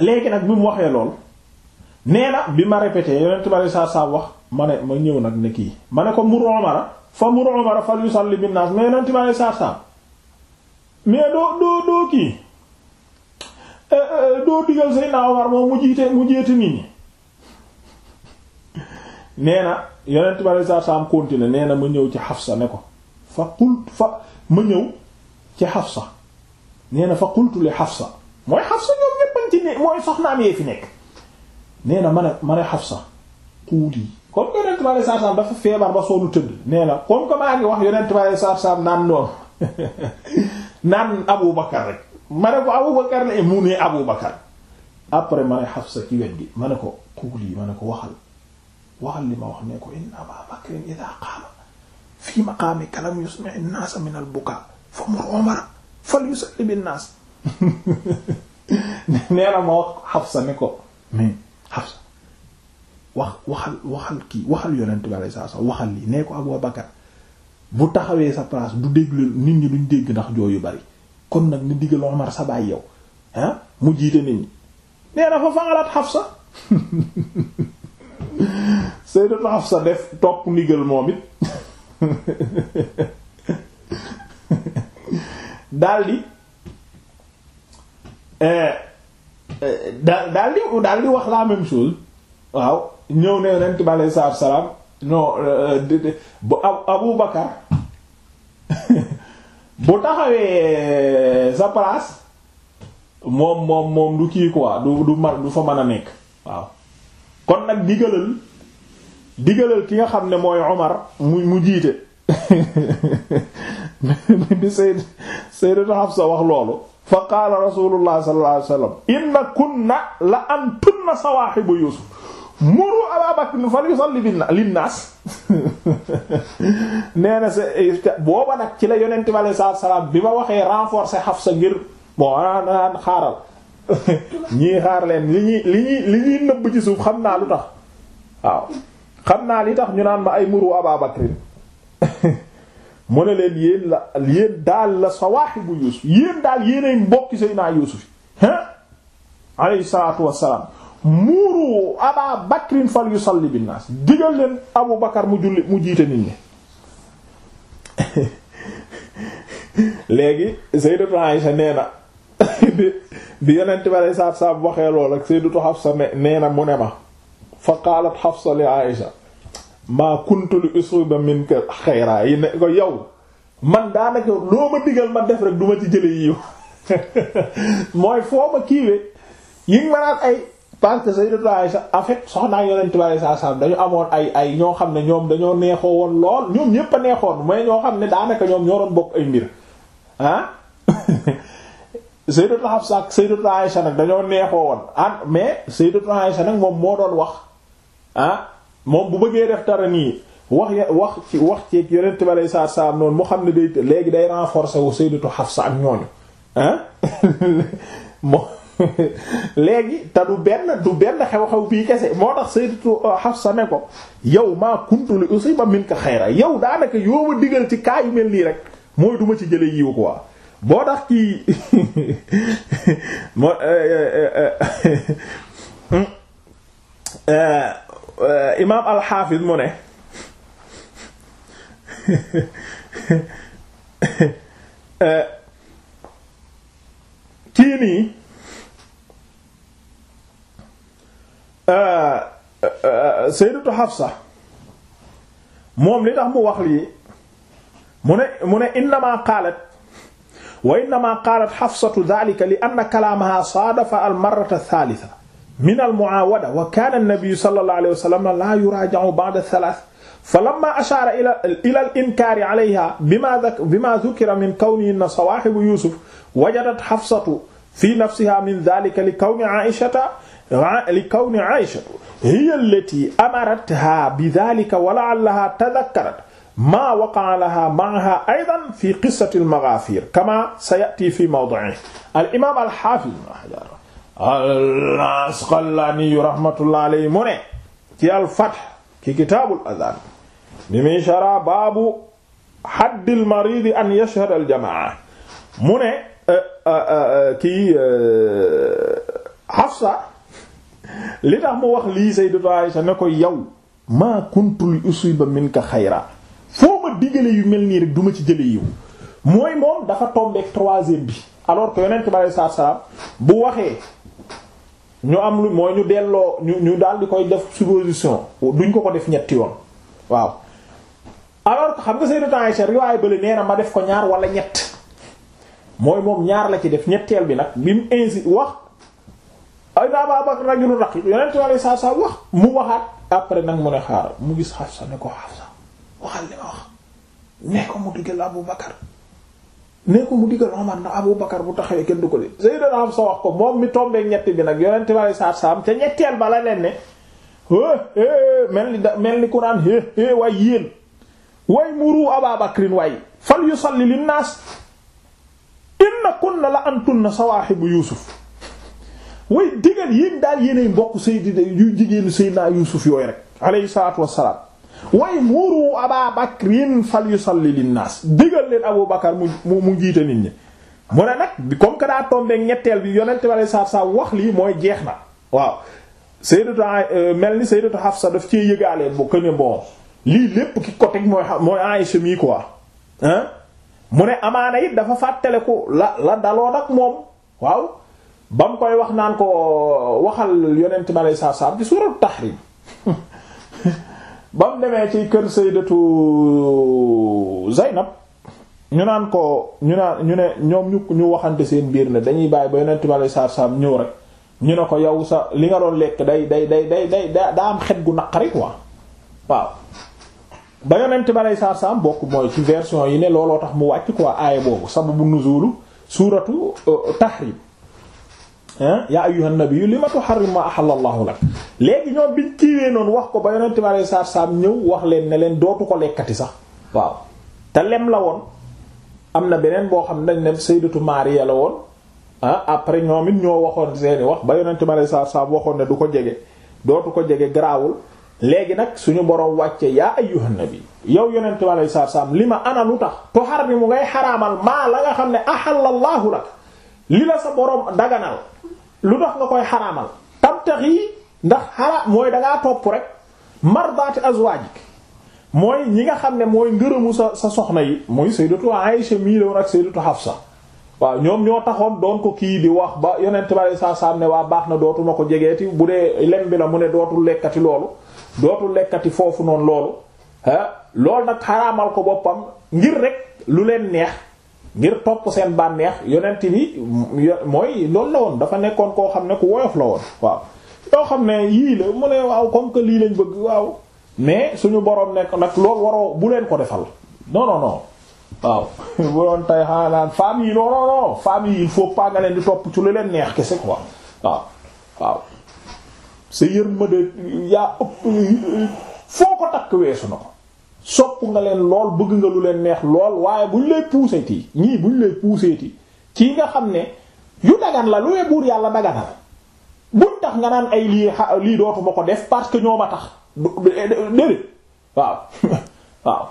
léegi nag bi mu waxee lool. nee na bi ma répété yonent bari saa saa wax ma ne ma ñëw nag ne kii ma ne ko mur Umara fa mur kii eh, eh, doo digal mu jiite mu jiite nit ñi ma ñëw ci Hafsa ne ko fa ma ñëw ci Hafsa nee na fa qultu li Hafsa mooy Hafsa ñoom ñëppañ ci ne mooy soxnaam yee fi nekk. nee na ma ne Xafsa kuuli comme que yonent bi aleyhi salaatu dafa feebar ba soonu tëdd nee na comme maa ngi wax yonent bi aleyhi salaatu salaam naan noonu naan Abu Bakar rek ma ko Abu Bakar la mu ne Abu Bakar après ma ne Xafsa ci wet gi ma ne ko kuuli ma ko waxal li ma wax ne ko inna Aba Bakrin idaa qaama fii maqaamika lam yusmi' an-naasa min al ma wax Xafsa ne ko Hafsa wax waxal waxal kii waxal yonent bi alayhi salaam waxal lii nee ko Abu Bakar bu taxawee sa place du déglu nit ñi duñ dégg ndax jooy yu bari kon nag ni digal yow ah, mu jiite nit ñi moom it daldi eh, Euh, daal daal di wax la même chose waaw ñëw ne yonent euh, bu Abu Bakar bu taxawee euh, sa place moom moom moom du kii quoi du du mar du fa mën a nekk waaw kon nag digalal digalal ki nga xam ne mooy Omar mu mu jiite bi Sayyid Sayyidatu Hafsa wax loolu fa qaala rasulullah sallallahu alayhi inna kunna la antunna sawaahibu yusuf muru abaa bakr fal yusalli linnaas nee na booba nag ci la yonent bi alayhi salaatu salaam bi ma waxee renforcer Hafsa ngir bon ah, naan xaaral ñii xaar li ñuy li li ñuy nëbb ci suuf xam naa lu tax waaw xam naa li tax ñu naan ma ay muru abaa bakr mu ne leen yéen la yéen daal la sawaahibu yuusuf yéen daal yéenay mbokki Seydina yuusuf yi hein alayhi salaatu wassalaam muuru aba bakrin fal yusalli binnaas digal leen abu bakar mu julli mu jiite nit ñi léegi sayyidatu Aisha nee na bi bi yonent bi alayhi salaatu waxee lool ak sayyidatu Hafsa nee na mu ne ma fa qaalat Hafsa li Aisha maa kuntu li usuba min ka yi ne ko yow man daanaka loo ma digal ma def rek du ma ci jële yi mooy foo ma kiiwee yi nga ma ay parce que Sayyidatu Aisha en fait soxnaa Yonent bi sallallahu alayhi wasallam dañu amoon ay ay ñoo xam ne ñoom dañoo neexoo woon lool ñoom ñépp a neexoon mais ñoo xam ne daanaka ñoom ñoo doon bokk ay mbir ah Sayyidatu Hafsa ak Sayyidatu Aisha nag dañoo neexoo woon ah mais Sayyidatu Aisha nag moom moo doon wax ah? moom bu bëggee def dara nii wax ya wax ci wax ceeg yonent bi aleyhi salaatu salaam noonu mu xam ne day léegi day renforcer wu sayyidatu Hafsa ak ñooñu ah moom léegi te du benn du benn xew-xew bii kese moo tax sayyidatu euh, Hafsa ne ko yow maa kuntu li usiba minka xayra yow daanaka yoo ma digal ci kaa yu mel nii rek mooy duma ci jële yiw quoi boo tax kii moo euh, euh, Euh, imaam alxaafis mu ne euh, kii nii euh, sayyidatu Hafsa moom li tax mu wax lii mu ne mu ne innama qaalat wa innama qaalat Hafsatu dhaalika li anna kalaamahaa saadafa al marrata ath-thaalitha min al muawada wa kana an-nabi sallallahu alayhi wa sallam la yuraji'u ba'da thalath falamma ashara ila ila al inkari alayha bima bima dhukira min kawnihinna sawahibu yusuf wajadat hafsatu fi nafsiha min dhalika li kawni aishata li kawni aishata hiya allati amaratha bi dhalika wa la'allaha tadhakkarat ma waqa'a laha ma'aha aydan fi qissati al maghafir kama sayati fi mawdi'ihi al imam al hafiz al-Asqalaani yu rahmatullah alayhi mu ne ci al-Fath ci kitaabul adaan bi muy shara baabu haddil mariid an yashhad al mu ne eh, eh, eh, kii Hafsa li tax mu wax lii Sayyidatu Aisha ne ko yow maa kuntu li usiba minka xayra foo ma digale yu mel nii rek du ma ci jële yiw mooy moom dafa tombeek troisième bi alors que yonent bi alayhi salaam bu waxee ñu am lu mooy ñu delloo ñu ñu daal di koy def supposition duñ ko ko def ñetti yoon waaw alors xam nga Sayyidatu Aisha riwaay bële nee na ma def ko ñaar wala ñett mooy moom ñaar la ci def ñetteel bi nag bi mu insi wax ay naa ba bak rajulu raqiq yonent Yàlla saa saa wax mu waxaat après nag mu ne xaaral mu gis Hafsa ne ko Hafsa waxal li ma wax ne ko mu digal Abu Bakar nee ko mu digal Omar na Abu Bakar bu taxawee kenn du ko de Sayyidina Hafsa wax ko moom mi tombé ñetti bi nag yonent bi saa saam te ñetteel ba la mel ni da mel ni ku naan waay yéen way muru fal yusalli linnaas inna kunna la antunna sawaahibu Yuusuf way digal yéen daal yéenay mbokk Sayyidina yu jigéenu Sayyidina Yuusuf yooyu rek alayhi salaatu wassalaam way muru aba bakrin fal yusalli linnaas digal leen abu bakar mu mu jiite nit ñi mu ne nag comme que daa tombé ñetteel bi yonent bi alei satu salaam wax lii mooy jeex na waaw sayyidatu euh, mel ni sayyidatu Hafsa daf cee yëgaaleen bu que ne bon lii lépp ki ko teg mooy mooy Aïcha mi quoi mu ne amaana it dafa fàttaleku la la daloon ak moom waaw ba mu koy wax naan ko waxal yonent bi alei satu salaam ci suuratu Tahrim ba demee ci kër sayyidatu Zaynab ñu naan ko ñu naan ñu ne ñoom ñu ñu waxante seen biir na dañuy bàyyi ba yonent bi sallallahu alayhi wasallam ñëw rek ñu ne ko yow sa li nga doon lekk day day day day day daa am xet gu naqari quoi waaw ba yonent bi sallallahu alayhi bokk mooy ci version yi ne looloo tax mu wàcc ko aaya boobu sababu nuzulu suuratu euh, tahrim yaa ayyuhan nabiyyu lima tuharrimu ma ahalla Allahu lak léegi ñoom biñ kiiwee noonu wax ko ba yonent bi alayhi saar saam ñëw wax leen ne leen dootu ko lekkati sax waaw te lem la woon am na beneen boo xam ne dañ ne sayyidatu Maariya la woon ah après ñoom ñoo waxoon seeni wax ba yonent bi alayhi salaatu salaam waxoon ne du ko jege dootu ko jege garaawul léegi nag suñu borom wàcce yaa ayyuhan nabi yow yonent bi alayhi salaatu salaam li ma ana lu tax tuharrimu ngay xaraamal maa la nga xam ne ahalla Allahu lak li la sa borom daganal. lu tax nga koy xaraamal tamtaxi ndax xaraam mooy dangaa topp rek mardaati azwaajik mooy ñi nga xam ne mooy ngërëmu sa sa soxna yi muy sayyidatu Aisha mii la woon ak sayyidatu Hafsa waaw ñoom ñoo taxoon doon ko kii di wax ba yonent bari saa saam ne waa baax na dootuma ko jegee ti bu dee lem bi na mu ne dootul lekkati loolu dootul lekkati foofu noonu loolu ah loolu nag xaraamal ko boppam ngir rek lu leen neex ngir topp seen bànneex yonent bi mooy loolu la woon dafa nekkoon koo xam ne ku woyof la woon waaw yoo xam ne yii la mu ne waaw comme que lii lañ bëgg waaw mais suñu boroom nekk nag loolu waroo bu leen ko defal non non non waaw bu doon tey xanaa femme yi non non non yi il faut nga leen di topp ci lu leen neex kese quoi waaw waaw sa yërmande yaa ëpp foo ko takk weesu na ko. sopp nga leen lool bëgg nga lu leen neex lool waaye bu ñu lay puuseeti ñii bu ñu lay puuseeti kii nga xam ne yu dagan la lu wee buur yàlla daganal buñ tax nga naan ay lii lii dootuma ko def parce que ñoo a tax eh, déedéet waaw waaw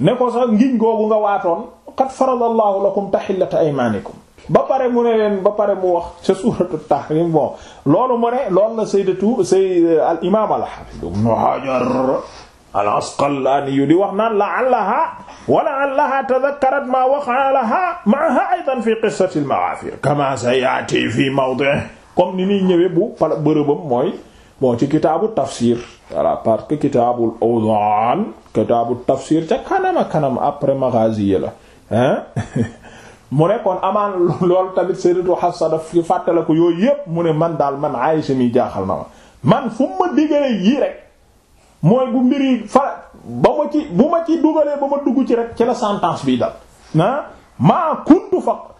ne ko sax ngiñ googu nga waatoon qad faradallahu lakum tahillata aymanikum ba pare mu ne ba pare mu wax ca suuratu tahrim bon loolu mu ne hajar al-Asqalaani yu di wax naan la wa la'allaha tadhakkarat ma waqa'a laha ma'aha aydan fi qissati al-maghafir kama sayati fi mawdi'i comme ni ñuy ñëwee bu pala bërëbam mooy moo ci kitaabu tafsir voilà parce que kitaabul awdaan kitaabu tafsir ca kanama kanam après maghazi la hein mu ne kon amaan loolu tamit sayyidatu Hafsa daf fàttaliku yooyu yépp mu ne man daal man Aysa mi jaaxal na man fu ma digale yii mooy bu mbiri fa ba ma ci bu ma ci dugalee ba ma dugg ci rek ci la sentence bi dal ah maa kuntu fa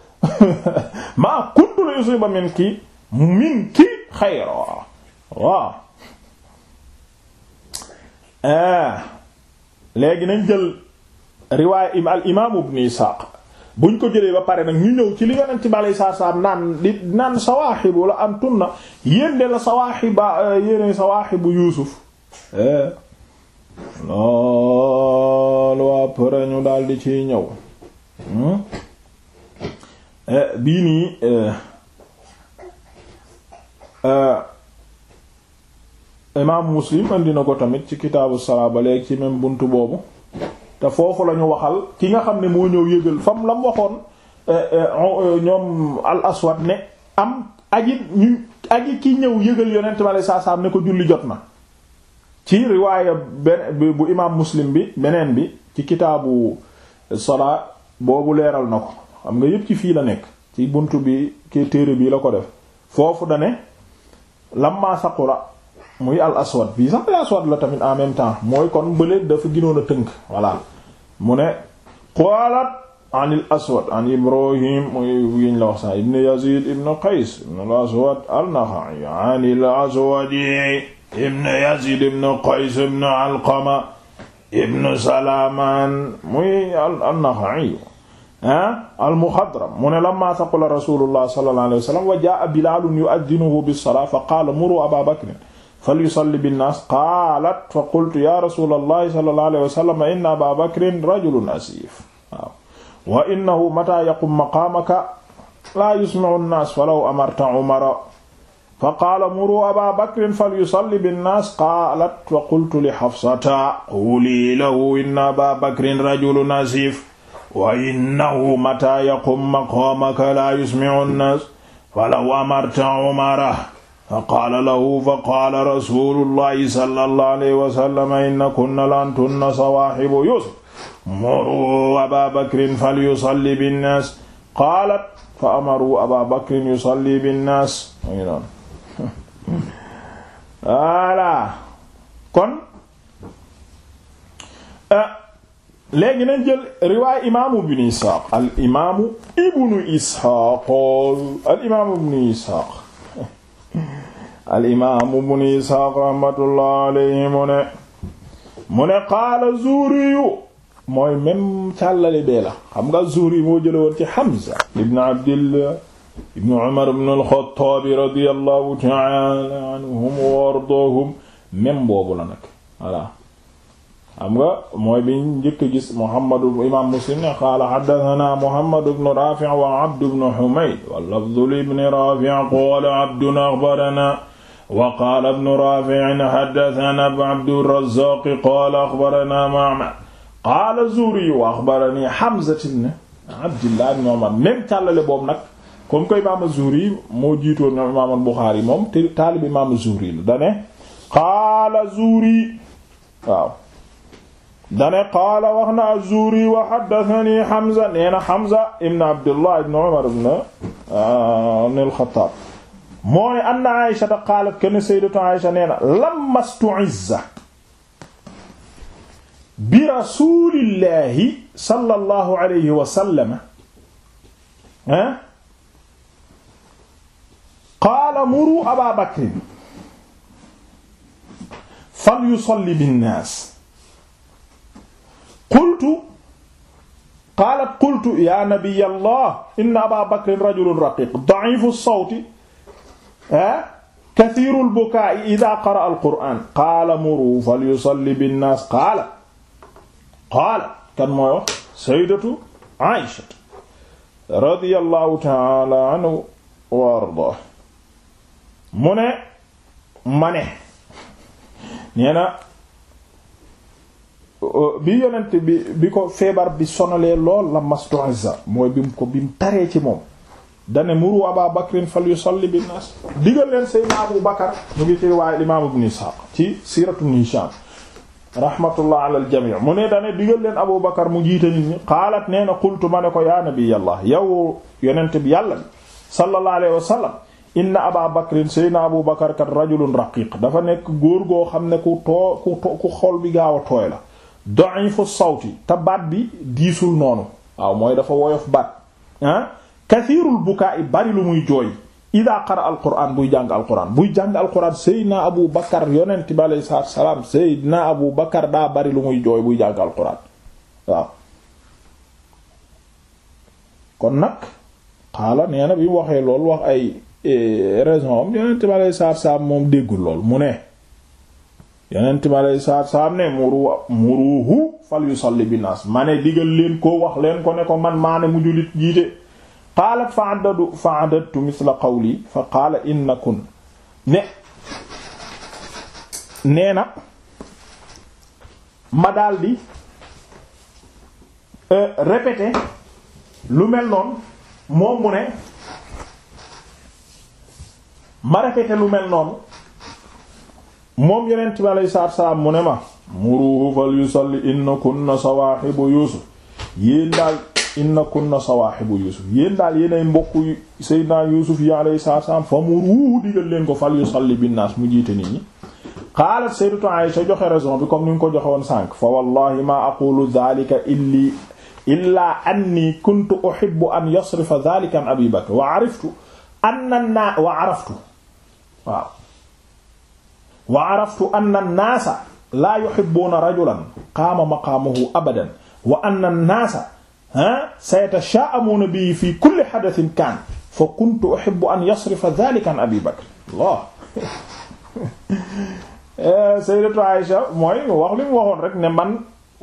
maa kuntu la yusiba min ki min ki xayra waaw eh. léegi nañ jël riwaaya im al imam ibn Isaaq buñ ko jëlee ba pare nag ñu ñëw ci li yonent bi alayhi salaam naan di naan sawaaxibu la antunna yéen de la sawaaxiba eh, yéen sawaaxibu Yuusuf Eh? loolu après ñu daldi ciy ñëw hmm? eh, bii nii eh, imaam muslim andi na ko tamit ci kitaabu salaa ba léegi ci même bunt boobu te foofu lañu waxal ki nga xam ne moo ñëw yëgal fam lam waxoon ñoom al aswad ne am aji ñu aji ki ñëw yëgal yonent ma lay saa ne ko julli jot na ci riwaaya beneen bu imaam muslim bi beneen bi ci kitaabu salaa boobu leeral na ko xam nga yépp ci fii la nekk ci bunt bi ki téere bii la ko def foofu dane lamma saqura muy al aswad bii sax al aswad la tamit en même temps mooy kon bële dafa ginoon a tënk voilà mu ne qaalat an al ibrahim muy giñ la wax ibn yazid ibn qays ibn aswad al naxa'i an al aswadi ibn yazid ibn qays ibn alqama ibn salaman muy an-Naxa'i ah, al-Muxadram mu ne lamma saqula rasulullah sallallahu alayhi wa sallam wa jaa bilalun yu'addinuhu bis-salaa fa qaala muru aba bakrin falyusalli bin-naas qaalat fa qultu ya rasulallahi sallallahu alayhi wa sallam inna aba bakrin rajulun asif wa innahu mata yaqum maqaamaka laa yusmi'u an-naas falaw amarta Umara fa qaala muru aba bakrin falyusalli binnaas qaalat fa qultu li xafsata quli lahu inna aba bakrin rajulu nasif wa innahu mata yaqum maqaamaka laa yusmicu nnaas falaw amarta umara fa qaala lahu fa qaala rasulullahi sallallahu alayhi wa sallam inna kunna lantunna sawaaxibu yusuf muru aba bakrin falyusalli binnaas qaalat fa amaru aba bakrin yusalli binnaas voilà kon euh, léegi nañ jël riwaay imaamu ibnu Isxaaq al imaamu ibnu Isxaaq al imaamu ibnu Isxaaq al imaamu ibnu Isxaaq rahmatullah alayhi mu ne mu ne qaala Zuhriyu mooy même càllali bee la xam nga Zuhri moo jële woon ci Hamza ibnu Abdillah ibnu umar ibnu alxataabi radiallahu taala anhum wa ardaahum même boobu la nag voilà xam nga mooy bi njëkk gis muhammadu imaam muslim ne qaala xaddatana muhammadu bnu raafi wa abdu bnu xumayd wa lafdu li bni raafi qaala abdun axbarana wa qaala bnu raafi xaddatana abdurazaq qaala axbarana ma'mar qaala zuhri wa axbarani xamza bnu abdillah bnu umar même tàllale boobu nag comme que imaam Zuhri moo jiitoon imaam Buxaari moom te taalib imaam Zuhri la dane qaala Zuhri waaw dane qaala wax na az-Zuhri wa haddathani Hamza nee na Hamza ibn Abdullah ibn Umar ibn ah, al-Khattab moo ne anna Aïsha qaalat ken sayyidatu Aïsha nee na lamma stu'izza bi rasulillahi sallallahu alayhi wa sallam ha ah, qaala muru aba bakrin fal yusalli binnaas qultu qaalat qultu ya nabiy allah inna aba bakrin rajulun raqiq da'ifu sawti kathiru lbukaa'i ida qara'a alqur'aan qaala muru fal yusalli binnaas qaala qaala kan mooy wax sayyidatu Aysha radiyallahu ta'ala anha wa ardaaha mu ne ma ne nee na bi yonent bi bi ko feebar bi sonalee lool la mastu azza mooy bi ko bi mu ci moom dane muru Abaa Bakrin fal yusalli bin nas digal leen Seydina Abu Bakar mu ngi ci riwaaye imaam ci siiratu Ibn Hishaam rahmatullah ala al jamii mu ne dane digal leen mu jiite nit ñi qaalat nee na qultu ma ne ko yaa nabiyallah yow yonent bi yàlla bi sallallahu alayhi wa inna aba bakrin sayna abu bakar kat rajulun raqiq dafa nekk góor goo xam ne ku too ku ku bi gaaw a tooy la da'ifu sawti te baat bi diisul noonu waaw mooy dafa woyof baat ah bukaa i bari lu muy jooy ida qara alquran buy jàng alquran buy jàng alquran seydna seydna abu bakar daa bari lu muy jooy buy jàng alquran waaw kon nag xaala nee bi waxee loolu wax ay Eh, raison am yonent bi aleyhi salaatu moom déggul lool mu ne yonent bi aleyhi salaatu ne muru muruhu fal yusalli binaas ma ne digal leen ko wax leen ko ne ko man maa ne mu jullit jiite qaalat fa adadu fa adadtu misla qawli fa qaala innakun ne nee na ma daldi eh, répéter lu mel noonu moom mu ne ma répété lu mel noonu moom yonent bi alayhi salaatu salaam mu ne ma muruhu fal yusalli inna kunna sawaahibu yuusuf yéen daal inna kunna sawaahibu yuusuf yéen daal yéen ay mbokk seydinaa yuusuf yi alayhi salaatu salaam fa muruhu digal leen ko fal yusalli binnaas mu jiite nit ñi qaalat sayyidatu Aïsha joxe raison bi comme ni nga ko joxe woon sànq fa wallahi ma aqulu dhalika illi illaa anni kuntu uhibbu an yasrifa dhalika an abi bakr wa ariftu anna wa araftu waaw wa araftu anna an-naasa laa yuhibbuuna rajulan qaama maqaamahu abadan wa anna an-naasa ha sayatashaamuuna bihi fi kulli hadathin kaan fa kuntu uhibbu an yasrifa dhaalika an Abi Bakr Allah eh, Sayyidatu Aïsha mooy wax li mu waxoon rek ne man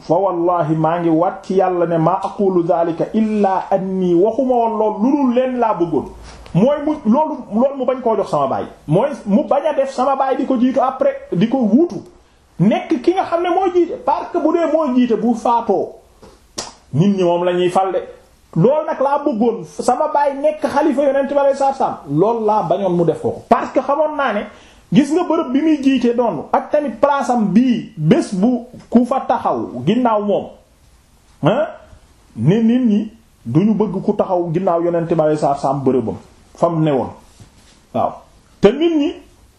fa wallahi maa ngi waat ci yàlla ne maa aqulu dhaalika illaa annii waxuma woon lool lu dul leen laa bëggoon mooy mu loolu loolu mu bañ koo jox sama baay mooy mu bañ a def sama baay di ko jiitu après di ko wuutu nekk ki nga xam ne moo jiite parce que bu dee moo jiite bu faatoo nit ñi moom lañuy fal de loolu nag laa bëggoon sama baay nekk xalifa yonent bi alayhi salaatu salaam loolu laa bañoon mu def ko parce que xamoon naa ne gis nga bërëb bi jiite doonu ak tamit place am bii bés bu ku fa taxaw ginnaaw moom ah ne nit ñi duñu bëgg ku taxaw ginnaaw yonent bi alayhi salaatu salaam bërëbam fam newoon waaw te nit ñi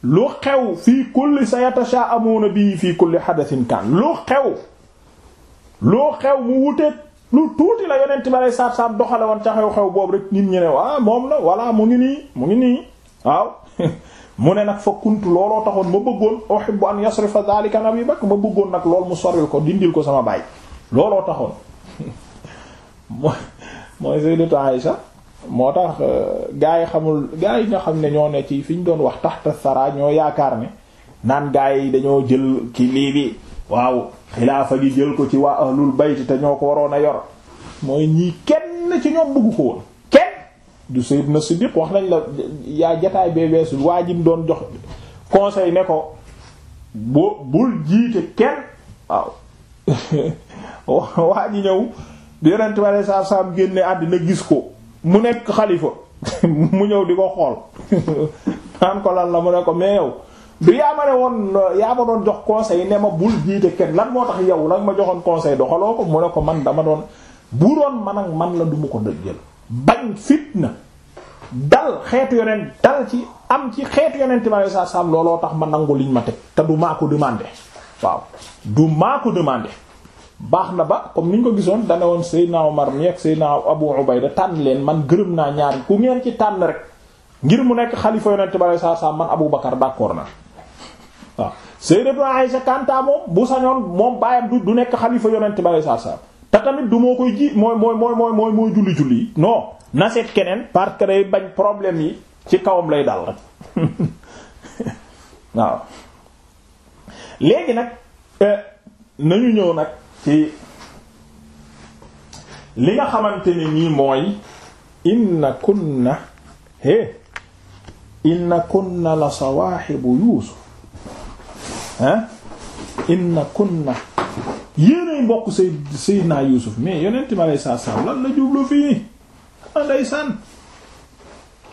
lu xew fii kulli sa yatashaamuuna bii fii kulli xadasin kaan lu xew loo xew mu wuteeg lu tuuti la yonent bi aleyhi salaatu salaam doxale woon ca xew-xew boobu rek nit ñi ne ah moom la voilà mu ngi nii mu ngi nii waaw mu ne nag fa kuntu looloo taxoon ma bëggoon uhibbu an yasrifa dhalika an Abi Bakr ma bëggoon nag lool mu soril ko dindil ko sama baay looloo taxoon mooy Sayyidatu Aïsha moo tax euh, gaa yi xamul gaa yi nga xam ne ñoo ne ci fi ñu doon wax taxta sara ñoo yaakaar ne naan gaa yi dañoo jël ki lii bi waaw xilaafa gi jël ko ci waa ahlul bayt te ñoo ko waroon a yor mooy ñii kenn ci ñoom bëgg ko woon kenn du sayyidna Siddiq wax nañ la yaa jataay bee weesu waa jim doon jox conseil ne ko boo bul jiite kenn waaw waa ji ñëw di yonent bi sallallahu alayhi génne àddina gis ko mu nekk xalifa mu ñëw di ko xool naan ko lan la mu ne ko mais yow du yaa ma ne woon yaa ma doon jox conseil ne ma bul jiite kenn lan moo tax yow lan ma joxoon conseil doxaloo ko mu ne ko man dama doon bu man ak man la du ma ko jël bañ fitna dal xeet yonent dal ci am ci xeet yonent ma sa sam looloo tax ma nangu liñ ma teg te du maa ko demandé waaw du maa ko baax na ba comme ni ñu ko gisoon dane woon Seydina Omar mi ak Seydina Abu Ubayda tànn leen man gërëm naa ñaar ku ngeen ci tànn rek ngir mu nekk xalifa yonent bi alei satu salaam man bu sañoon nekk xalifa yonent bi alei satu te tamit du moo koy ji mooy mooy mooy mooy mooy julli julli yi non na keneen parce que day bañ problème yi ci kawam lay dal rek waaw léegi nag euh, nañu ñëw nag ci li nga xamante ne nii mooy inna kunna hé inna kunna la sawaaxibu yuusuf hein inna kunna yéenay mbokk say sayyidina yuusuf mais yonent mi alay saa salaam lan la jublu fii ndeysaan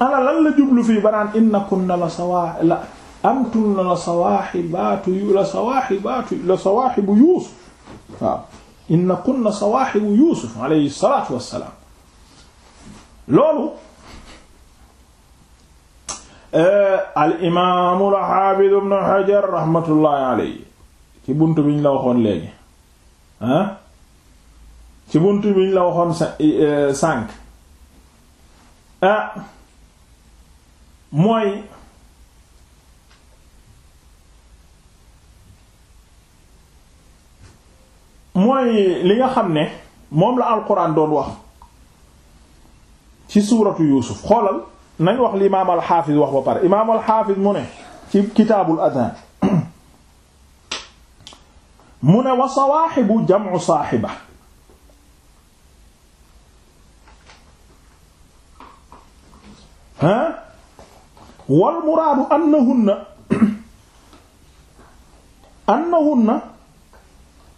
ana lan la jublu fii ba naan inna kunna la sawaa la antum la sawaaxibaatu la waaw inna kunna sawaaxibu yusuf alayhi salatu wassalaam loolu eh, al imaamu al xaafiz ibnu Hajar raxmatullaahi alayhi ci bunt bi ñu la waxoon léegi ah ci bunt bi ñu la waxoon eh, sànq ah mooy mooy li nga xam ne moom la alquran doon wax ci suuratu yuusuf xoolal nañ wax li imaam alxaafiz wax ba pare imaam alxaafiz mu ne ci kitaabul adaan mu ne wa sawaaxibu jamcu saaxiba ha wal muraadu annahunna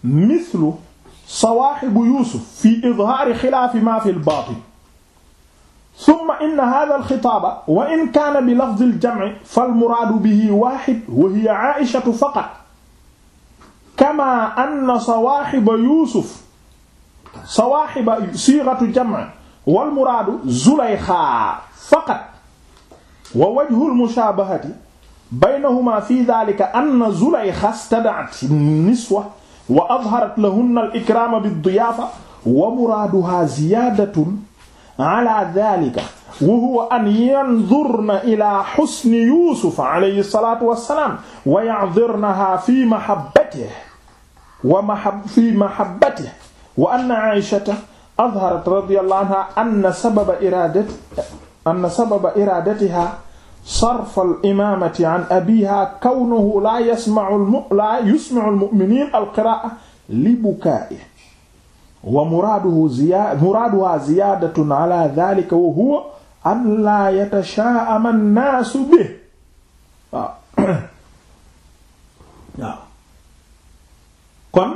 mislu sawaaxibu Yuusuf fi idhaari xilaafi maa fi al-baatin summa inna haadha al-xitaaba wa in kaana bi lafzi al-jam'i fal-muraadu bihi waahid wa hiya Aa'ishatu faqat kamaa anna sawaaxiba Yuusuf sawaaxiba siighatu jam'in wal-muraadu Zulaykhaa faqat wa wajhu al-mushaabahati baynahumaa fi dhaalika anna Zulaykhaa istada'at niswa wa adharat lahunna al ikraama bid-diyaafa wa muraaduha ziyaadatun ala dhaalika wa huwa an yanzurna ila husni Yuusuf alayhi salaatu wa salaam wa ya'dhirnaha fi mahabbatihi wa mahab fi mahabbatihi wa anna Aysata adharat radiyallahu anha anna sababa iraadatiha anna sababa iraadatiha sarf al-imaamati an abiiha kawnuhu laa yasma'u laa yusmi'u al-mu'miniin al-qiraa'a li bukaa'ihi wa muraaduhu ziyaada muraaduhaa ziyaadatun alaa dhaalika wa huwa an laa yatashaa'ama an-naasu bihi waaw waaw kon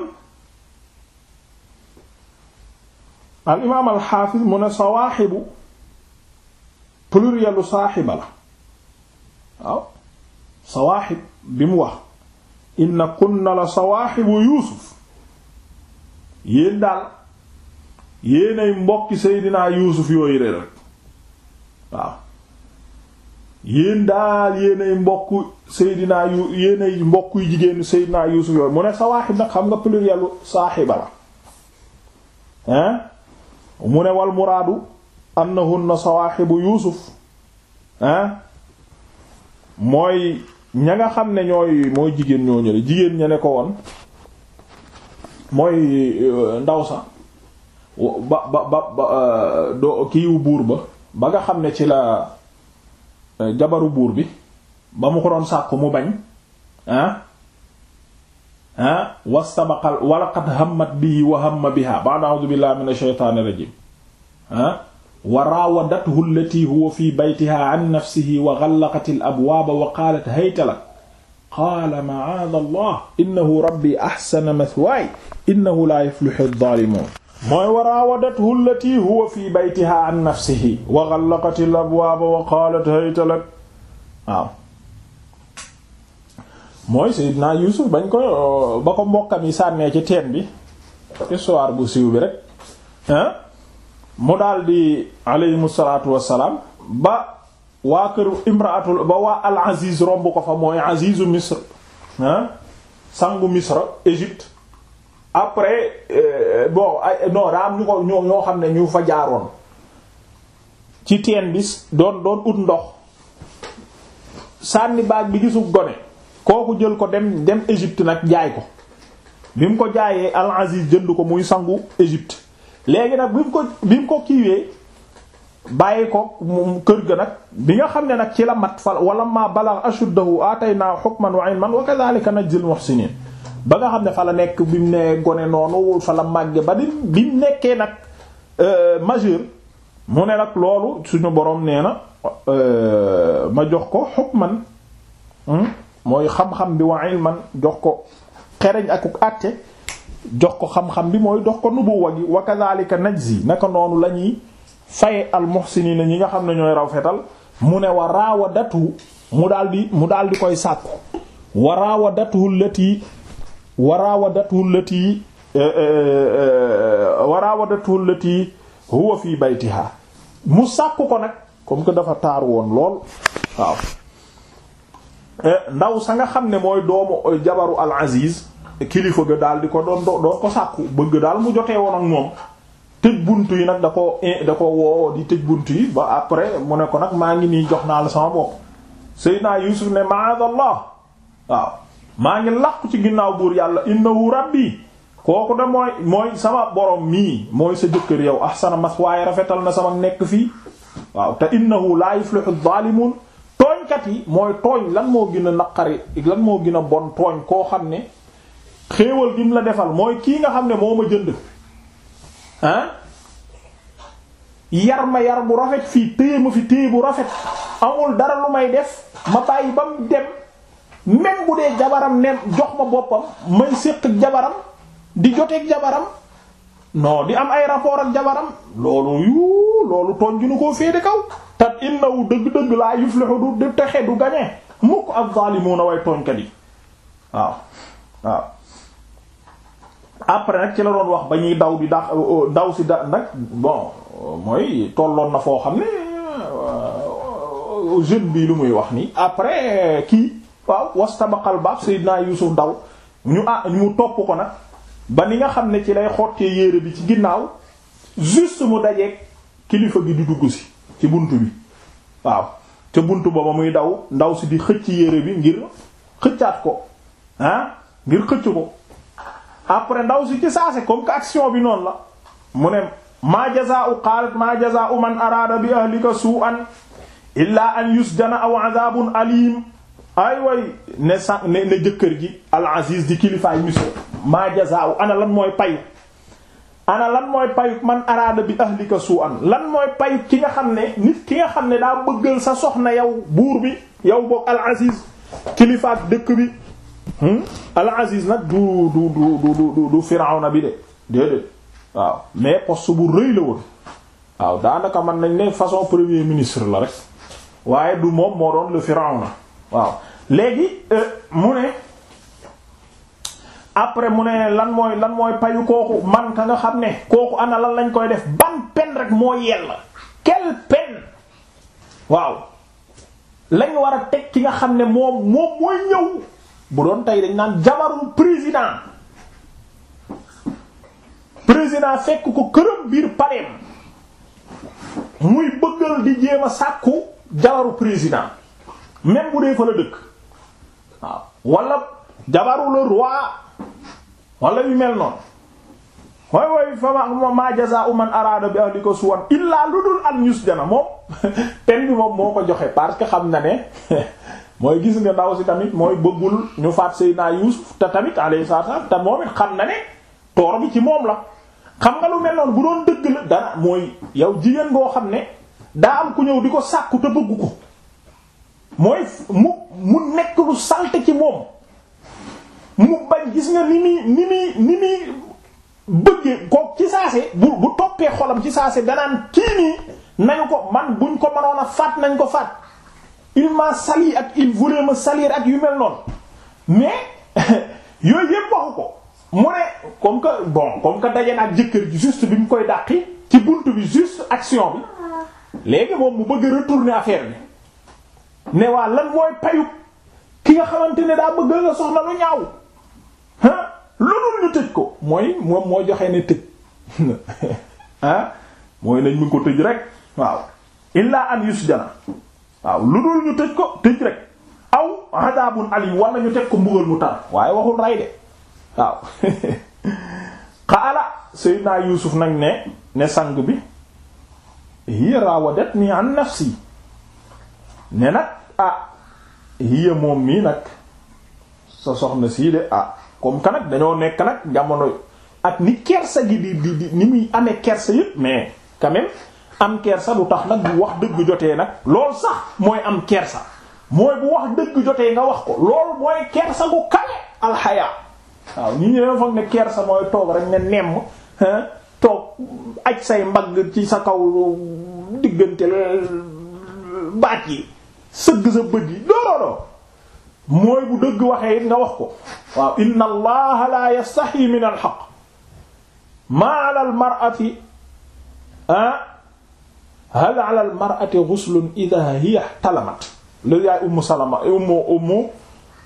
al imaam al-haafiz mu ne sawaahibu plurielu saahiba la waaw sawaaxib bi mu wax inna kunna la sawaaxibu yuusuf yéen daal yéenay mbokki seydinaa yuusuf yooyu rek waaw yéen daal yéenay mbokk seydinaa yu yéenay mbokk yu jigéenu seydinaa yuusuf yooyu mu ne sawaaxib nag xam nga pluriel u saaxiba la hein mu ne wal muraadu annahunna sawaaxibu yuusuf hein mooy ña nga xam ne ñooy mooy jigéen ñoo ñële jigéen ña ne ko woon mooy euh, ndaw sa ba ba ba ba euh, doo kiiwu buur ba ba nga xam ne ci la euh, jabaru buur bi ba mu ko doon sàkk mu bañ ah ah wastabaqal walaqad hammat bihi wa hamma biha ba'da a'udhu billahi minash shaitanir rajim ah wa raawadathu allati huwa fi baytiha an nafsihi wa ghallaqat al abwaaba wa qaalat hayta lak qaala allah innahu rabbi ahsana mathwaaya innahu laa yuflihu adh-dhaalimuun mooy wa raawadathu allati huwa fi baytiha an nafsihi wa ghallaqat al abwaaba yi sànnee ci teen bi bu siiw bi mu daldi aleyhimu salaatu wassalaam ba waa kër imraatul ba waa al aziz romb ko fa mooy azizu misr hein ah, sangu misr Égypte après euh, bon ay non daa am ñu ko ñoo xam ne ñu fa jaaroon ci teen bi doon doon ut ndox sànni baag bi gisu gone kooku jël ko dem dem Égypte nag jaay ko bi mu ko jaayee al aziz jënd ko muy sangu Égypte léegi nag bi mu ko bi mu ko kiiwee bàyyi ko kër ga nag bi nga xam ne nag ci la mat fa wala ma balagha ashuddahu ataynaa hukman wa ilman wa kadhalika najzil muhsinin ba nga xam ne fa la nekk bi mu nee gone noonu fa la màgge ba bi mu nekkee nag euh, majeur mu ne nag loolu suñu borom nee na euh, ma jox ko hukman hmm, mooy xam-xam bi wa ilman jox ko xereñ ak ak jox ko xam-xam bi mooy dox ko nubuwa gi wa kadhalika najzi naka noonu la ñuy faye al muhsinin ñi nga xam ne ñooy rafetal mu ne wa raawadatu mu daal di mu daal di koy sàkku wa raawadatu allati wa raawadatu allati eh, eh, eh, wa raawadatu allati huwa fi baytiha mu sàkku ko nag comme que dafa taar woon lool waaw ndaw sa nga xam ne mooy doomu jabaru al aziz kilifa ga daal di ko doon doon ko sàkku bëgg daal mu jotee woon ak moom tëj bunt yi nag da ko eh, da ko woo di tëj bunt yi ba après mu ne ko nag maa ngi nii jox naa la sama bopp Seydina Yuusuf ne maadallah waaw maa ngi làqu ci ginnaaw buur yàlla inna innahu rabbi kooku da mooy mooy sama borom mii mooy sa jëkkër yow ahsana mas waaye rafetal na sama nekk fii waaw te innahu la yuflihu adh-dhalimun tooñkat yi mooy tooñ lan moo gën a naqari lan moo gën a bon tooñ koo xam ne xéewal gi mu la defal mooy kii nga xam ne moo ma jënd ah yar ma yar bu rafet fii téye ma fi téye bu rafet amul dara lu may def ma bàyyi ba mu dem même bu dee jabaram ne jox ma boppam may séq ak jabaram di joteeg jabaram non di am ay rapport ak jabaram loolu yu loolu tooñ ju nu koo féete kaw tat innahu dëgg-dëgg laa yuflihu du du texe du gañee mukk ak zalimuna way tooñkat yi waaw waaw après nag ci la doon wax ba ñuy daw di da euh, euh, daw si da nag bon mooy tolloon na foo xam ne euh, jeune bi lu muy wax nii après kii waaw wastabaqal baab Seydina Yuusuf daw ñu ah mu topp ko nag ba ni nga xam ne ci lay xotti yére bi ci ginnaaw juste mu dajeeg kilifa gi di dugg si ci bunt bi waaw te bunt booba muy daw ndaw si di xëcc yére bi ngir xëccaat ko ah ngir xëcc ko après ndaw si ci saase comme que action bi noonu la mu ne maa jazaa'u qaalat maa jazaa'u man araada bi ahlika su'an illaa an yusjana aw azabun alim ay way ne sa ne jëkkër ji al aziz di kilifaay mission maa jazaa'u ana lan mooy payu ana lan mooy payu man araada bi ahlika su'an lan mooy pay ki nga xam ne nit ki nga xam ne daa bëggal sa soxna yow buur bi yow boog al aziz kilifaat dëkk bi Hmm? al aziz nag du du du du du firawna bi de déedéet waaw mais poste bu rëy la woon waaw daanaka mën nañ ne façon premier ministre la rek waaye du moom moo doon le firawna waaw léegi euh, mu ne après mu ne lan mooy lan mooy payu kooku man ka nga xam ne kooku ana lan lañ koy def ban pen rek moo yell quelle peine waaw lañ war a teg ki nga xam ne moom moom mooy ñëw bu doon tey dañ naan jabaru président président fekk ko këram biir pareem muy bëggal di jéem a sàkku jabaru président même bu dee fa la dëkk waaw walla jabaru le roi walla yu mel noonu way way fa ma ma jazaa'u man araada bi ahlika suwan illaa lu dul an yusjana moom pen bi moom moo ko joxee parce que xam na ne mooy gis nga ndaw si tamit mooy bëggul ñu faat Seydina Yuusuf te tamit alayhi salaam te moom it xam na ne toor bi ci moom la xam nga lu mel noonu bu doon dëgg la dara mooy yow jigéen boo xam ne daa am ku ñëw di ko sàkku te bëgg ko mooy mu mu nekk lu salte ci moom mu bañ gis nga ni muy ni muy ni muy bëggee ko ci saase bu bu toppee xolam ci saase danaan kii nii nañu ko man buñ ko mënoon a faat nañ ko faat il m'a ak il voulait me salir ak yu mel noonu mais yooyu yëpp waxu ko mu ne comme que bon comme que daje na ak jëkkër ji bi mu koy dàqi ci bunt bi just action bi léegi moom mu bëgg a retourner affaire bi ne waa lan mooy payub ki nga xamante ne daa bëgg nga soxna lu ñaaw ah loolu ñu tëj ko mooy moom moo joxe ne tëj ah mooy nañ mu ko tëj rek waaw illa an yusjana waaw lu dul ñu tëj ko tëj rek aw adabun ali wala ñu teg ko mbugal mu tar waaye waxul rey de waaw qaala sayyidina yusuf nag ne ne sang bi hiya rawadatni an nafsi ne nag ah hiya moom mii nag sa soxna sii de ah comme que dañoo nekk nag jamono ak ni kersa gi di di di ni muy amee kersa yëpp mais quand am kersa lu tax nag bu wax dëgg jotee nag lool sax mooy am kersa mooy bu wax dëgg jotee nga wax ko lool mooy kersa gu kawe alxaya waaw ñi ñëw foog ne kersa mooy toog rek ne nemm toog aj say mbagg ci sa kaw diggante baat yi sëgg sa bët yi dooroo mooy bu dëgg waxee it nga wax ko waaw inna allaha la yastahi min alxaq ma ala almar'ati hal ala al mar'ati ghuslun idha hiya talamat lu yaay ummu salama ummu ummu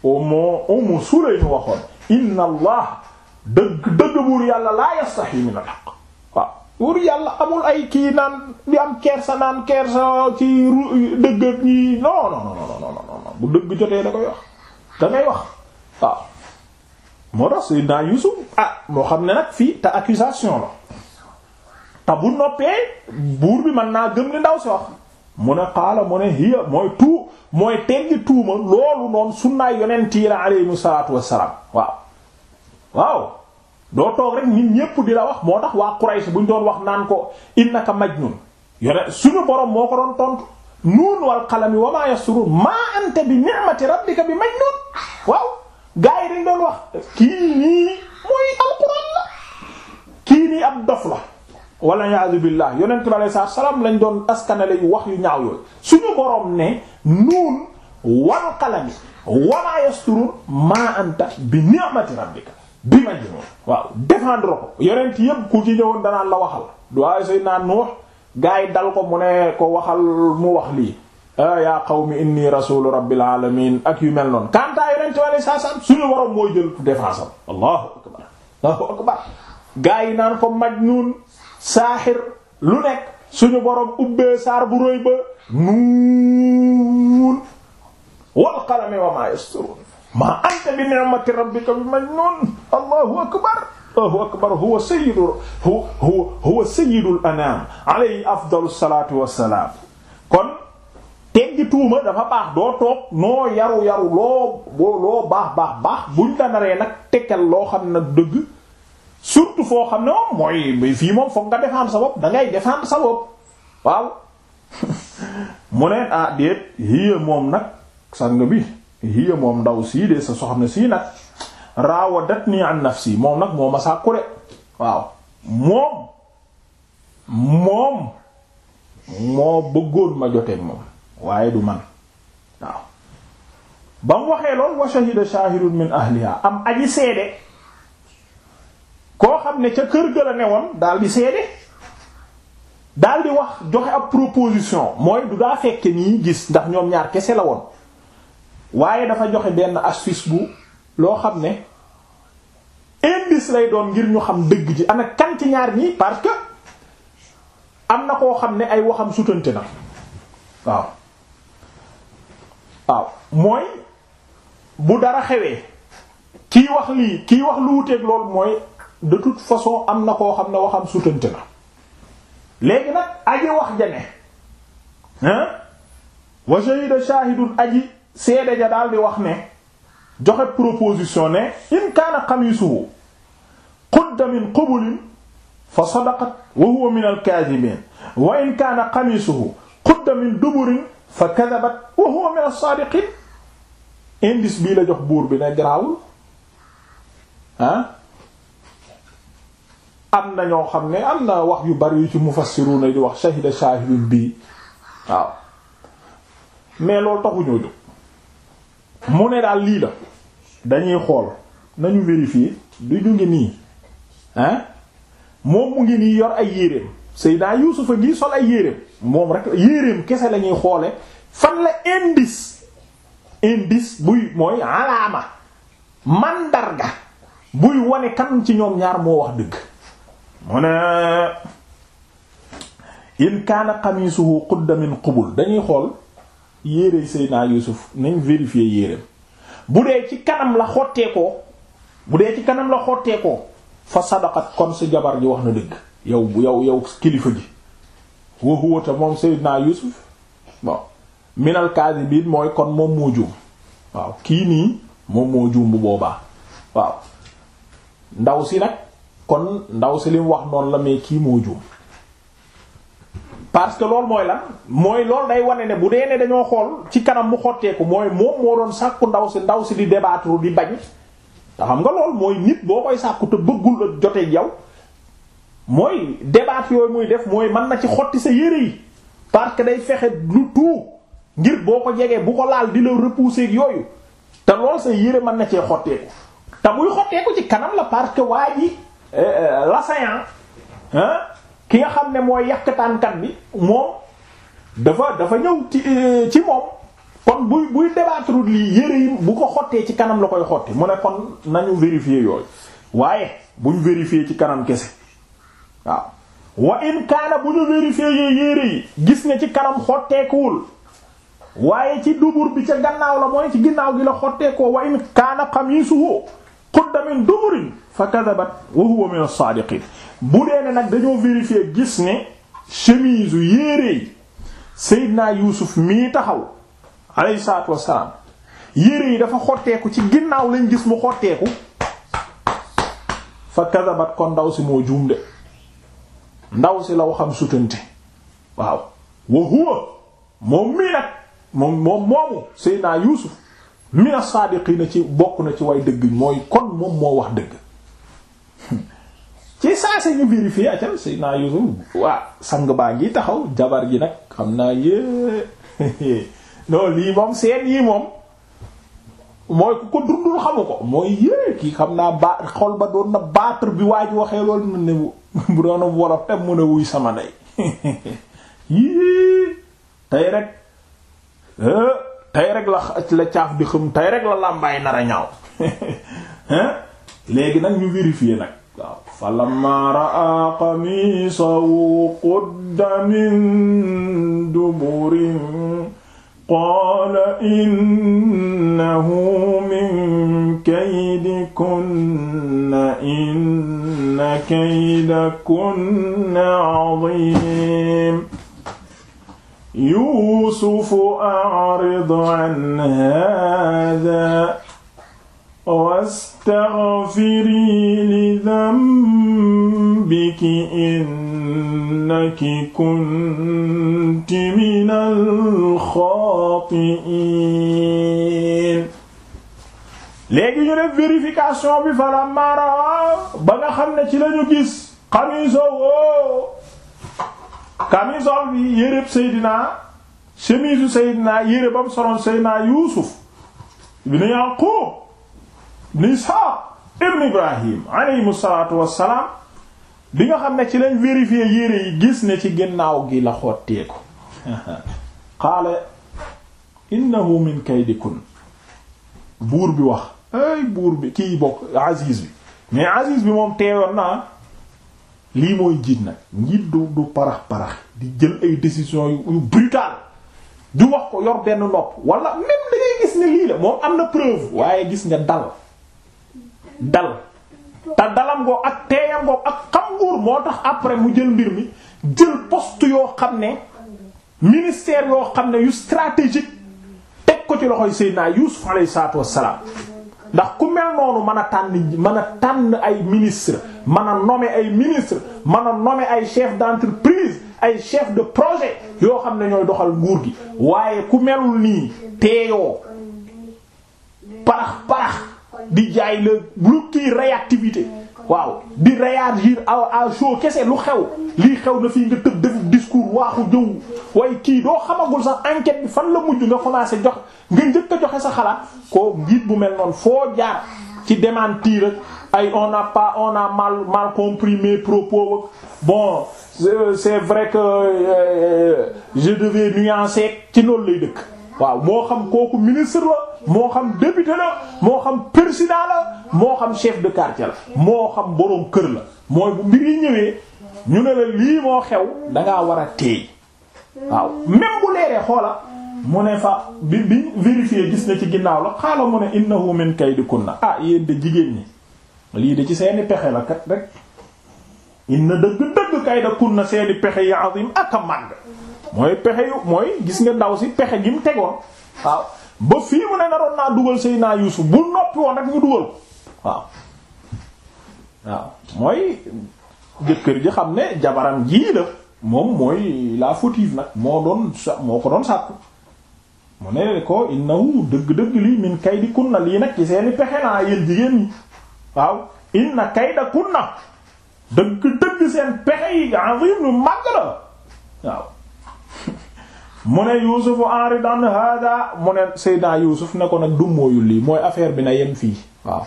ummu ummu sulaym waxoon inna allah dëgg dëgg buur yàlla laa yastahi min al haqq waaw buur yàlla amul ay kii naan di am kersa naan kersa ci dëgg ak ñii non non non non non bu dëgg jotee da koy wax da ngay wax waaw moo tax Seydina Yuusuf ah moo xam ne nag fii te accusation la te bu noppee buur bi mën naa gëm ndaw si wax mu ne xaala mu ne hiya mooy tuu mooy teggi tuuma loolu noonu sunnaay yonent yi la salaatu wassalaam waaw doo toog rek nit ñépp di la wax moo tax waa Quraysh buñ doon wax naan ko innaka majnun yone suñu borom moo ko doon tontu nuun wal qalami wa maa yasturun maa anta bi ni'mati rabbika bi majnun waaw gaa doon wax kii nii mooy alquran la kii nii ab dof wala yaazu billah yonent bi alayhi salaam lañ doon askanale yu wax yu ñaaw yooyu suñu boroom ne nuun wal qalami wama yasturun ma anta bi ni'mati rabbika bi majnun waaw défendre ko yonent yépp ku ci ñëwoon danaan la waxal waaye Seydina Nuux gaa yi dal ko mu ne ko waxal mu wax lii yaa qawmi inni rasulu rabbil alamin ak yu mel noonu kantaa yonent bi alayhi salaam suñu boroom mooy jël défense am allahu akbar allahu akbar gaa yi naan ko majnun saaxir lu nekk suñu borom ubbee saar bu rëy ba nuun wal qalami wa maa yasturun maa anta bi ni'mati rabbika bi majnun allahu akbar allahu akbar huwa sayyidu huwa huwa sayyidul anam alayhi afdalu salatu wassalam kon teggi tuuma dafa baax doo toog noo yaru yaru loo loo baax baax baax buñ la naree nag tekkal loo xam nag dëgg surtout foo xam ne moom mooy fii moom foog nga defaan sa bopp dangay defaan sa bopp waaw mu ne ah déet hiya moom nag sang bi hiya moom ndaw sii de sa soxna sii nag raawadatni an nafsi moom nag moo ma saa de waaw moom moom moo bëggoon ma joteeg moom waaye du man waaw ba mu waxee lool wa shahida shahidun min ahliha am aji seede xam ne ca kër ga a ne woon daal di seede dal di wax joxe ab proposition mooy du daa fekke nii gis ndax ñoom ñaar kese la woon waaye dafa joxe benn astuce bu loo xam ne indice lay doon ngir ñu xam dëgg ji ana kan ci ñaar ñi parce que am na koo xam ne ay waxam sutante na waaw waaw mooy bu dara xewee kiy wax lii kiy wax lu wuteeg loolu mooy de toute façon am na koo xam ne waxam sutante na léegi aji wax ja ne hein wa shahida shahidun aji seede ja daal di wax ne joxe proposition ne in kaana qamiisuhu qudda min qubulin fa sadaqat wa huwa min alkaadibiin wa in kaana qamiisuhu qudda min duburin fa kadabat wa huwa min alsaadiqiin indice bii la jox buur bi ne garaawul am na ñoo xam ne am na wax yu bari yu ci mufassiruna di wax shahida shahidun bii waaw mais loolu taxuñoo jóg mu ne daal lii la dañuy xool nañu vérifier du ñu ngi nii hein moom mu ngi nii yor ay yéreem Seydina Yuusufa gi sol ay yéreem moom rek yéreem kese lañuy xoole fan la indice indice buy mooy alaama mandarga buy wone kan ci ñoom ñaar moo wax dëgg mu ne in kaana qamiisuhu qudda min qubul dañuy xool yére Seydina Yuusuf nañ vérifier yéreem bu dee ci kanam la xottee bu dee ci kanam la xottee fa sadaqat kon si jabar ji wax na dëgg yow bu yow yow kilifa ji wa huwa ta moom Seydina Yuusuf bon minal kaasibiin mooy kon moom moo juum waaw kii nii moom moo juum boobaa waaw ndaw si nag kon ndaw si lim wax noonu la mais kii moo juum parce que loolu mooy lan mooy loolu day wane ne bu dee ne dañoo xool ci kanam mu xotteeku mooy moom moo doon sàkku ndaw si ndaw si di débattre di bañ te xam nga loolu mooy nit boo koy sàkku te bëggul la jote yow mooy débattre yooyu muy def mooy mën na ci xotti sa yére yi parce que day fexe lu tout ngir boo ko jegee bu ko laal di la repousser ak yooyu te lool sa yére mën na cee xotteeku te muy xotteeku ci kanam la parce que Eh, eh, l'assaillant ki nga xam ne mooy yàqtaankat bi moom dafa dafa ñëw ci eh, ci moom kon buy buy débattre lii yére yi bu ko xottee ci kanam la koy xotti mu ne kon nañu vérifier yooyu waaye buñ vérifier ci kanam kese waaw wa in kaana bu ñu vérifier yee yére yi gis ne ci kanam xotteekuwul waaye ci dubur bi ca gannaaw la mooy ci ginnaaw gi la xotteekoo wa in kaana qamisuhu qudda min dumurin fa kadabat wa huwa min as-sadiqin bu ne nag dañoo vérifier gis ne chemise u yére yi Seydina Yuusuf mii taxaw alayhi salaatu wassalaam yére yi dafa xotteeku ci ginnaaw lañ gis mu xotteeku fa kadabat kon ndaw si moo juum de ndaw si la waxam sutante waaw wa moom mii nag moom moom moomu Seydina Yuusuf mina na ci bokk na ci way dëgg mooy kon moom moo wax dëgg ci saa see ñu vérifié acal ah, say naa Yuusuf waa sang baa ngi taxaw jabar gi nag xam naa yée non lii moom seen yii moom mooy ku ko dundul xamu ko mooy yée kii xam naa ba xol ba doon na battre bi waa waxee loolu mu ne bu doon wolof te mu ne wuy sama ndey yii tey rek eh, tey rek la la di xëm tey rek la làmbaay nar a ñaaw léegi nag ñu vérifier nag waaw falamma ra'a qamisahu qudda min duburin qaala innahu min kaydikunna inna kaydakunna 'azim yuusufu a'rid an haadaa wastaghfirii li dambiki innaki kunti minal xaati'iin léegi ñu def vérification bi falammaa rawa ba nga xam ne ci lañu gis xamiisahu camisole bi yéreb Seydina chemise yu Seydina yére bam soloon Seydina Yuusuf ibn Yaqub ibn Ishaq ibn Ibrahim aleyhim salaatu wassalaam bi nga xam ne ci lañ vérifier yére yi gis ne ci ginnaaw gi la xotteeku qaala innahu min kaydikun buur bi wax ay buur bi kii bokk Aziz bi mais Aziz bi moom teewoon naa lii mooy jiit nag njiit du du parax parax di jël ay décision yu brutal di wax ko yor benn nopp wala même da gis ne lii la moom am na preuve waaye gis nga dal dal te dalam ngoo ak teeyam ngoo ak xam nguur moo tax après mu jël mbir mi jël poste yoo xam ne ministère yoo xam ne yu stratégique teg ko ci loxoy Seydina Yuusuf alayhi salaatu wassalaam ndax ku mel noonu mën a tànn mën a tànn ay ministre mën a nommer ay ministre mën a nommer ay chef d'entreprise ay chef de projet yoo xam ne ñooy doxal nguur gi waaye ku melul nii teeyoo parax parax di jaay la lu kii réactivité waaw di réagir à à chaud kese lu xew lii xew na fii nga tëb discours waaxu jëw waaye kii doo xamagul sax enquête bi fan la mujj nga commencé jox nga njëkk a joxe sa xalaat koo njiit bu mel noonu foo jaar ci démentir ak ay on a pas on a mal mal compris mes propos bon euh, c'est vrai que euh, je devais nuancer ci loolu lay dëkk waaw moo xam kooku ministre la moo xam député la moo xam président la moo xam chef de quartier la moo xam boroom kër la mooy bu mbir yi ñëwee ñu ne la lii moo xew dangaa war a teey waaw même bu leeree xoola mu ne fa bi bi vérifié gis na ci ginnaaw la xaala mu ne innahu min kaydikunna ah yéen jigéen ñi lii de ci seeni pexe la kat rek inna dëgg-dëgg kaydikunna seeni pexe yi azim ak a mooy pexe yu mooy gis nga ndaw si pexe gi mu tegoon waaw ba fii mu ne naroon naa dugal Seydina Yuusuf bu noppi woon rek ñu dugal ko waaw waaw mooy jëkkër ji xam ne jabaram jii la moom mooy la fautive nag moo doon sa moo ko doon sàkku mu ne ko innahu dëgg-dëgg lii min kay di kunna lii nag ci seeni pexe naa yéen jigéen ñi waaw inna kay da kunna dëgg-dëgg seen pexe yi azim lu màgg la waaw mu ne yuusufu enri dan hada mu ne Seydina Yuusuf ne ko nag du lii mooy affaire bi na yem fii waaw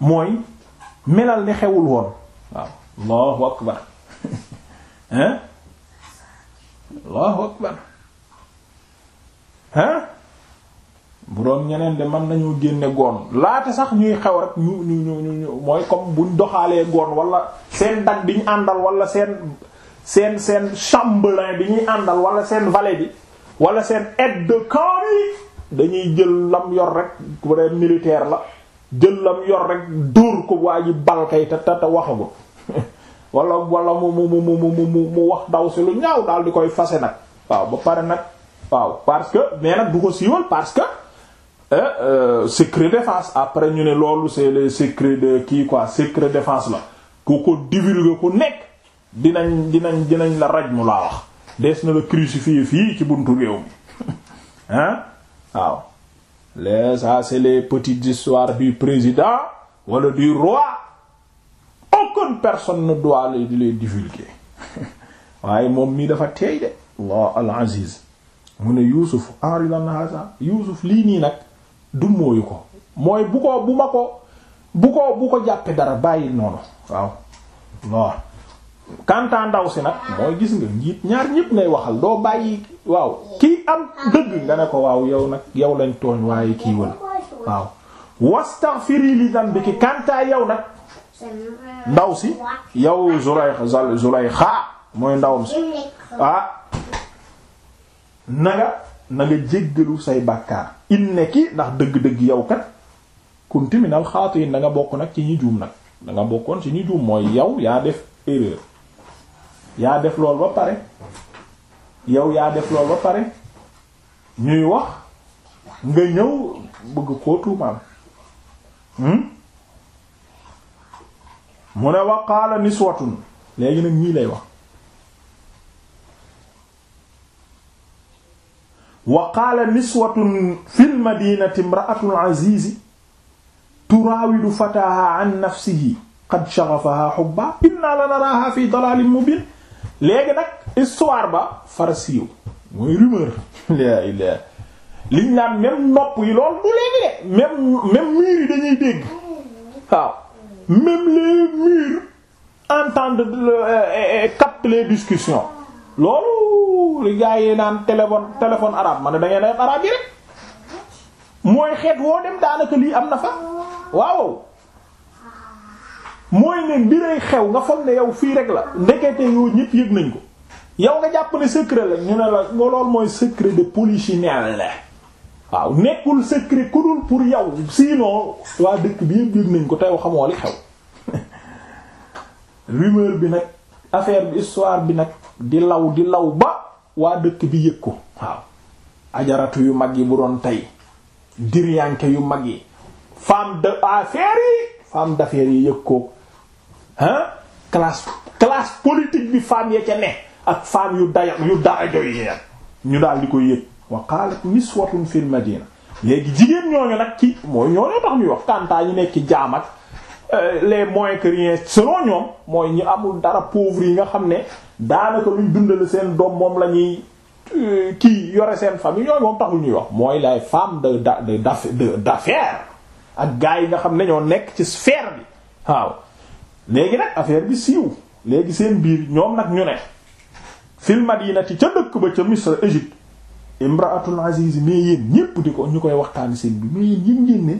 mooy melal ni xewul woon waaw allahu akbar hein allahu akbar hein bu doon ñeneen de mën nañoo génne goon laata sax ñuy xew rek ñu ñu ñu ñu mooy comme buñ doxaalee goon wala seen dag biñ àndal wala seen seen seen chambellan bi ñuy àndal wala seen valet bi wala seen aide de camp yi dañuy jël lam yor rek vrai militaire la jël lam yor rek dóor ko waa ji balkay te te waxagul wala wala mu mu mu mu mu mu wax ndaw si lu ñaaw daal di koy fase nag waaw ba pare nag waaw parce que mais nag du ko siiwal parce que eh, euh, secret defence après ñu ne loolu c'est le secret de kii quoi secret defence la ku ko divulguer ku nekk dinañ dinañ dinañ la raj mu laa wax des na la crucifier fii ci buntu réew mi hein waaw les ça c'est les petites histoires du président wala du roi aucune personne ne doit les les waaye moom mii dafa teey de Allah al-Aziz mu ne Yuusuf enridan haza Yuusuf lii nii nag du ko mooy bu ko bu ma ko bu ko bu ko jàppe dara bàyyi noonu waaw waaw kantaa ndaw si nag mooy gis nga ñaar ñëpp ngay waxal doo bàyyi waaw kii am dëgg nga ne ko waaw yow nag yow lañ tooñ waaye kii wël waaw wastaghfiri li dhanbiki kantaa yow nag ndaw si yow Zulaykha Zulaykha mooy ndawam si ah na nga na nga jéggalu say bàkkaar innaki ndax dëgg-dëgg yow kat kunti minal xaatiin yi nga bokk nag ci ñi juum nag da nga bokkoon ci ñi juum mooy yow yaa def erreur yaa def lool ba pare yow yaa def lool ba pare ñuy wax nga ñëw bëgg koo tuumaal hmm? mu ne wa qaala niswatun léegi nag ñii lay wax wa qaala niswatun fil madinati imra'atul azizi turaawidu fataha an nafsihi qad shaghafaha hubba inna la naraha fi dalalin mubin léegi nag histoire ba far siiw mooy rumeur la ilaha liñ naan même nopp yi lool du léegi de même même miir yi dañuy dégg waaw même les murs entendent euh, captent les discussions loolu li gars yi naan téléphone téléphone arabe ma ne da ngeen ay yi rek mooy xeet woo dem daanaka lii am na fa waaw mooy ne mbiray xew nga foog ne yow fii rek la ndekete yoo ñëpp yëg nañ ko yow nga jàpp ne secret la ñu ne la loolu mooy secret de polichinelle. waaw nekkul secret ku dul pour yow sinon waa dëkk bi yëpp yëg nañ ko tey xamoo li xew rumeur bi nag affaire bi histoire bi nag di law di law ba waa dëkk bi yëg ko waaw ajaratu yu mag yi bu doon tey diryanke yu mag yi femme d'affaires yi femme d'affaires yi yëg ko ah classe classe politique bi femme ya ca ne ak femme yu daya yu darajo ñu dal di koy yëg wa qalat niswatun fil madina léegi jigéen ñooñu nag ci mooy ñooñoo tax ñuy wax kantaa ñi nekk jaam ak euh, les moins que rien selon ñoom mooy ñi amul dara pauvre yi nga xam ne daanaka luñ dundale seen doom moom la ñuy euh, kii yore seen famille ñooñu moom taxul ñuy wax mooy lay femmes de de de d'affaires ak gars yi nga xam ne ñoo nekk ci sphère bi waaw léegi nag affaire bi siiw léegi seen biir ñoom nag ñu ne fil madinati ca dëkk ba ca Misr Égypte imraatul aziz mais yéen di ko ñu koy waxtaan seen bi mais yéen yëg ngeen ne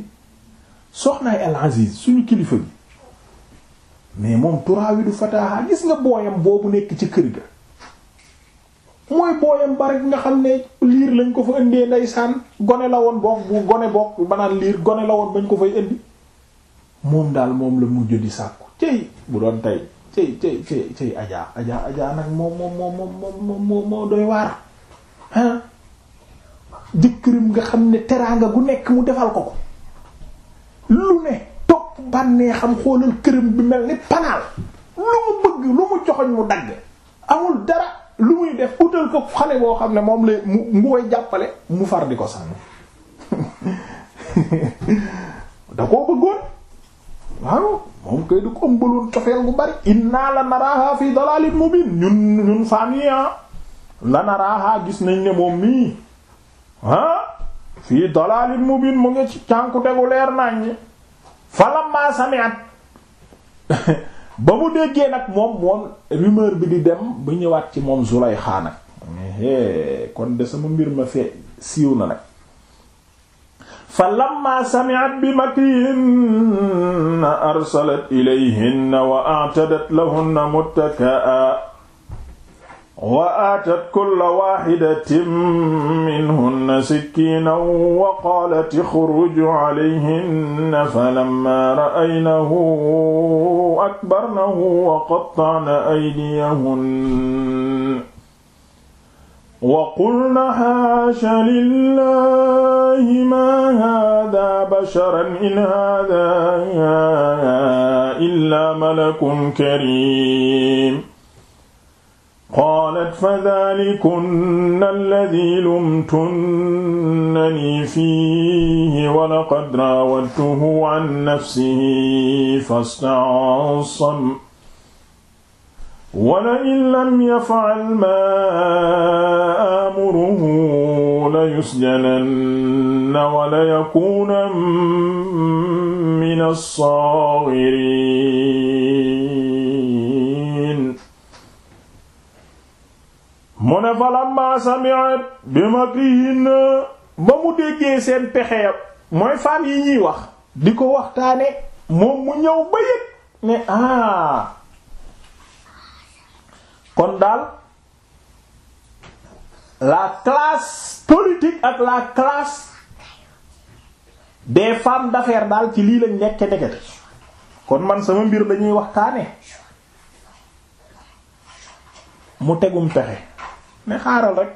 soxnaay al aziz suñu kilifa gi mais moom turaawi du fataaha gis nga booyam boobu nekk ci kër ga mooy booyam ba rek nga xam ne liir lañ ko fa indee ndeysaan gone la woon boog bu gone boog banaan liir gone la woon bañ ko fay indi moom daal moom la mujj di sàkku cey bu doon tey cey cey cey cey ajaa ajaa nag moom moom moom moom moom moo doy waar ah jëkkëram nga xam ne teraanga gu nekk mu defal ko ko lu ne topp bànnee xam xoolal këram bi mel ni panaal lu mu bëgg lu mu joxoñ mu dagg amul dara lu muy def utal ko xale boo xam ne moom la mu mu koy jàppale mu far di ko sànni da koo bëggoon du ko ëmbaloon cofeel gu bari inna la naraaha fi dalalin mubin ñun ñun famille ah. la naraaha gis nañ ne moom mii ah fii dalaalin mubin mu ngi ci cànku tegu leer naññ falamma sami'at ba mu déggee nag moom moom rumeur bi di dem ba ñëwaat ci moom Zulayxa nag kon de sama mbir ma fee siiw na nag falamma sami'at bi makrihinna arsalat ilayhinna wa a'tadat lahunna muttakaa wa atat kulla waxidatin minhunna sikkiinan wa qaalat ixruju calayhinna falammaa ra'aynahu akbarnahu wa qattacna aydiyahunna wa qulna xaasha lillaahi maa haadaa basharan in haadaa illaa malakun kariim qaalat fadalikunna alladi lumtunnani fiihi walaqad raawadtuhu an nafsihi fasta'sama walain lam yaf'al maa aamuruhu layusjalanna walayakuunan mina as-saaghiriin mu ne falamma sami'at bi makrihin ba mu déggee seen pexe mooy femme yi ñuy wax di ko waxtaane moom mu ñëw ba yëg ne ah kon daal la classe politique ak la classe des femmes d'affaires daal ci lii lañ nekke kon man sama mbir lañuy waxtaane mu tegum pexe mais xaaral rek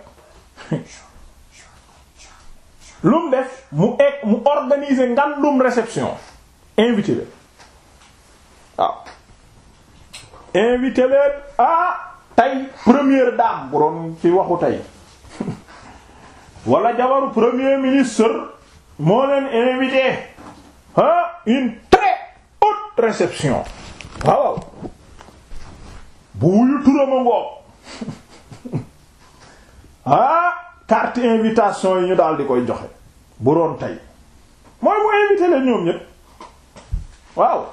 lu mu def mu egg mu organiser ngandum réception invité leen invité leen ah tey première dame bu doon ci waxu tey walla jabaru premier ministre moo leen invité ah une très haute réception waaw bu wuyu turam a ngoog ah carte invitation yi ñu daal di koy joxe bu doon tey mooy mu invité la ñoom ñépp waaw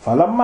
falamma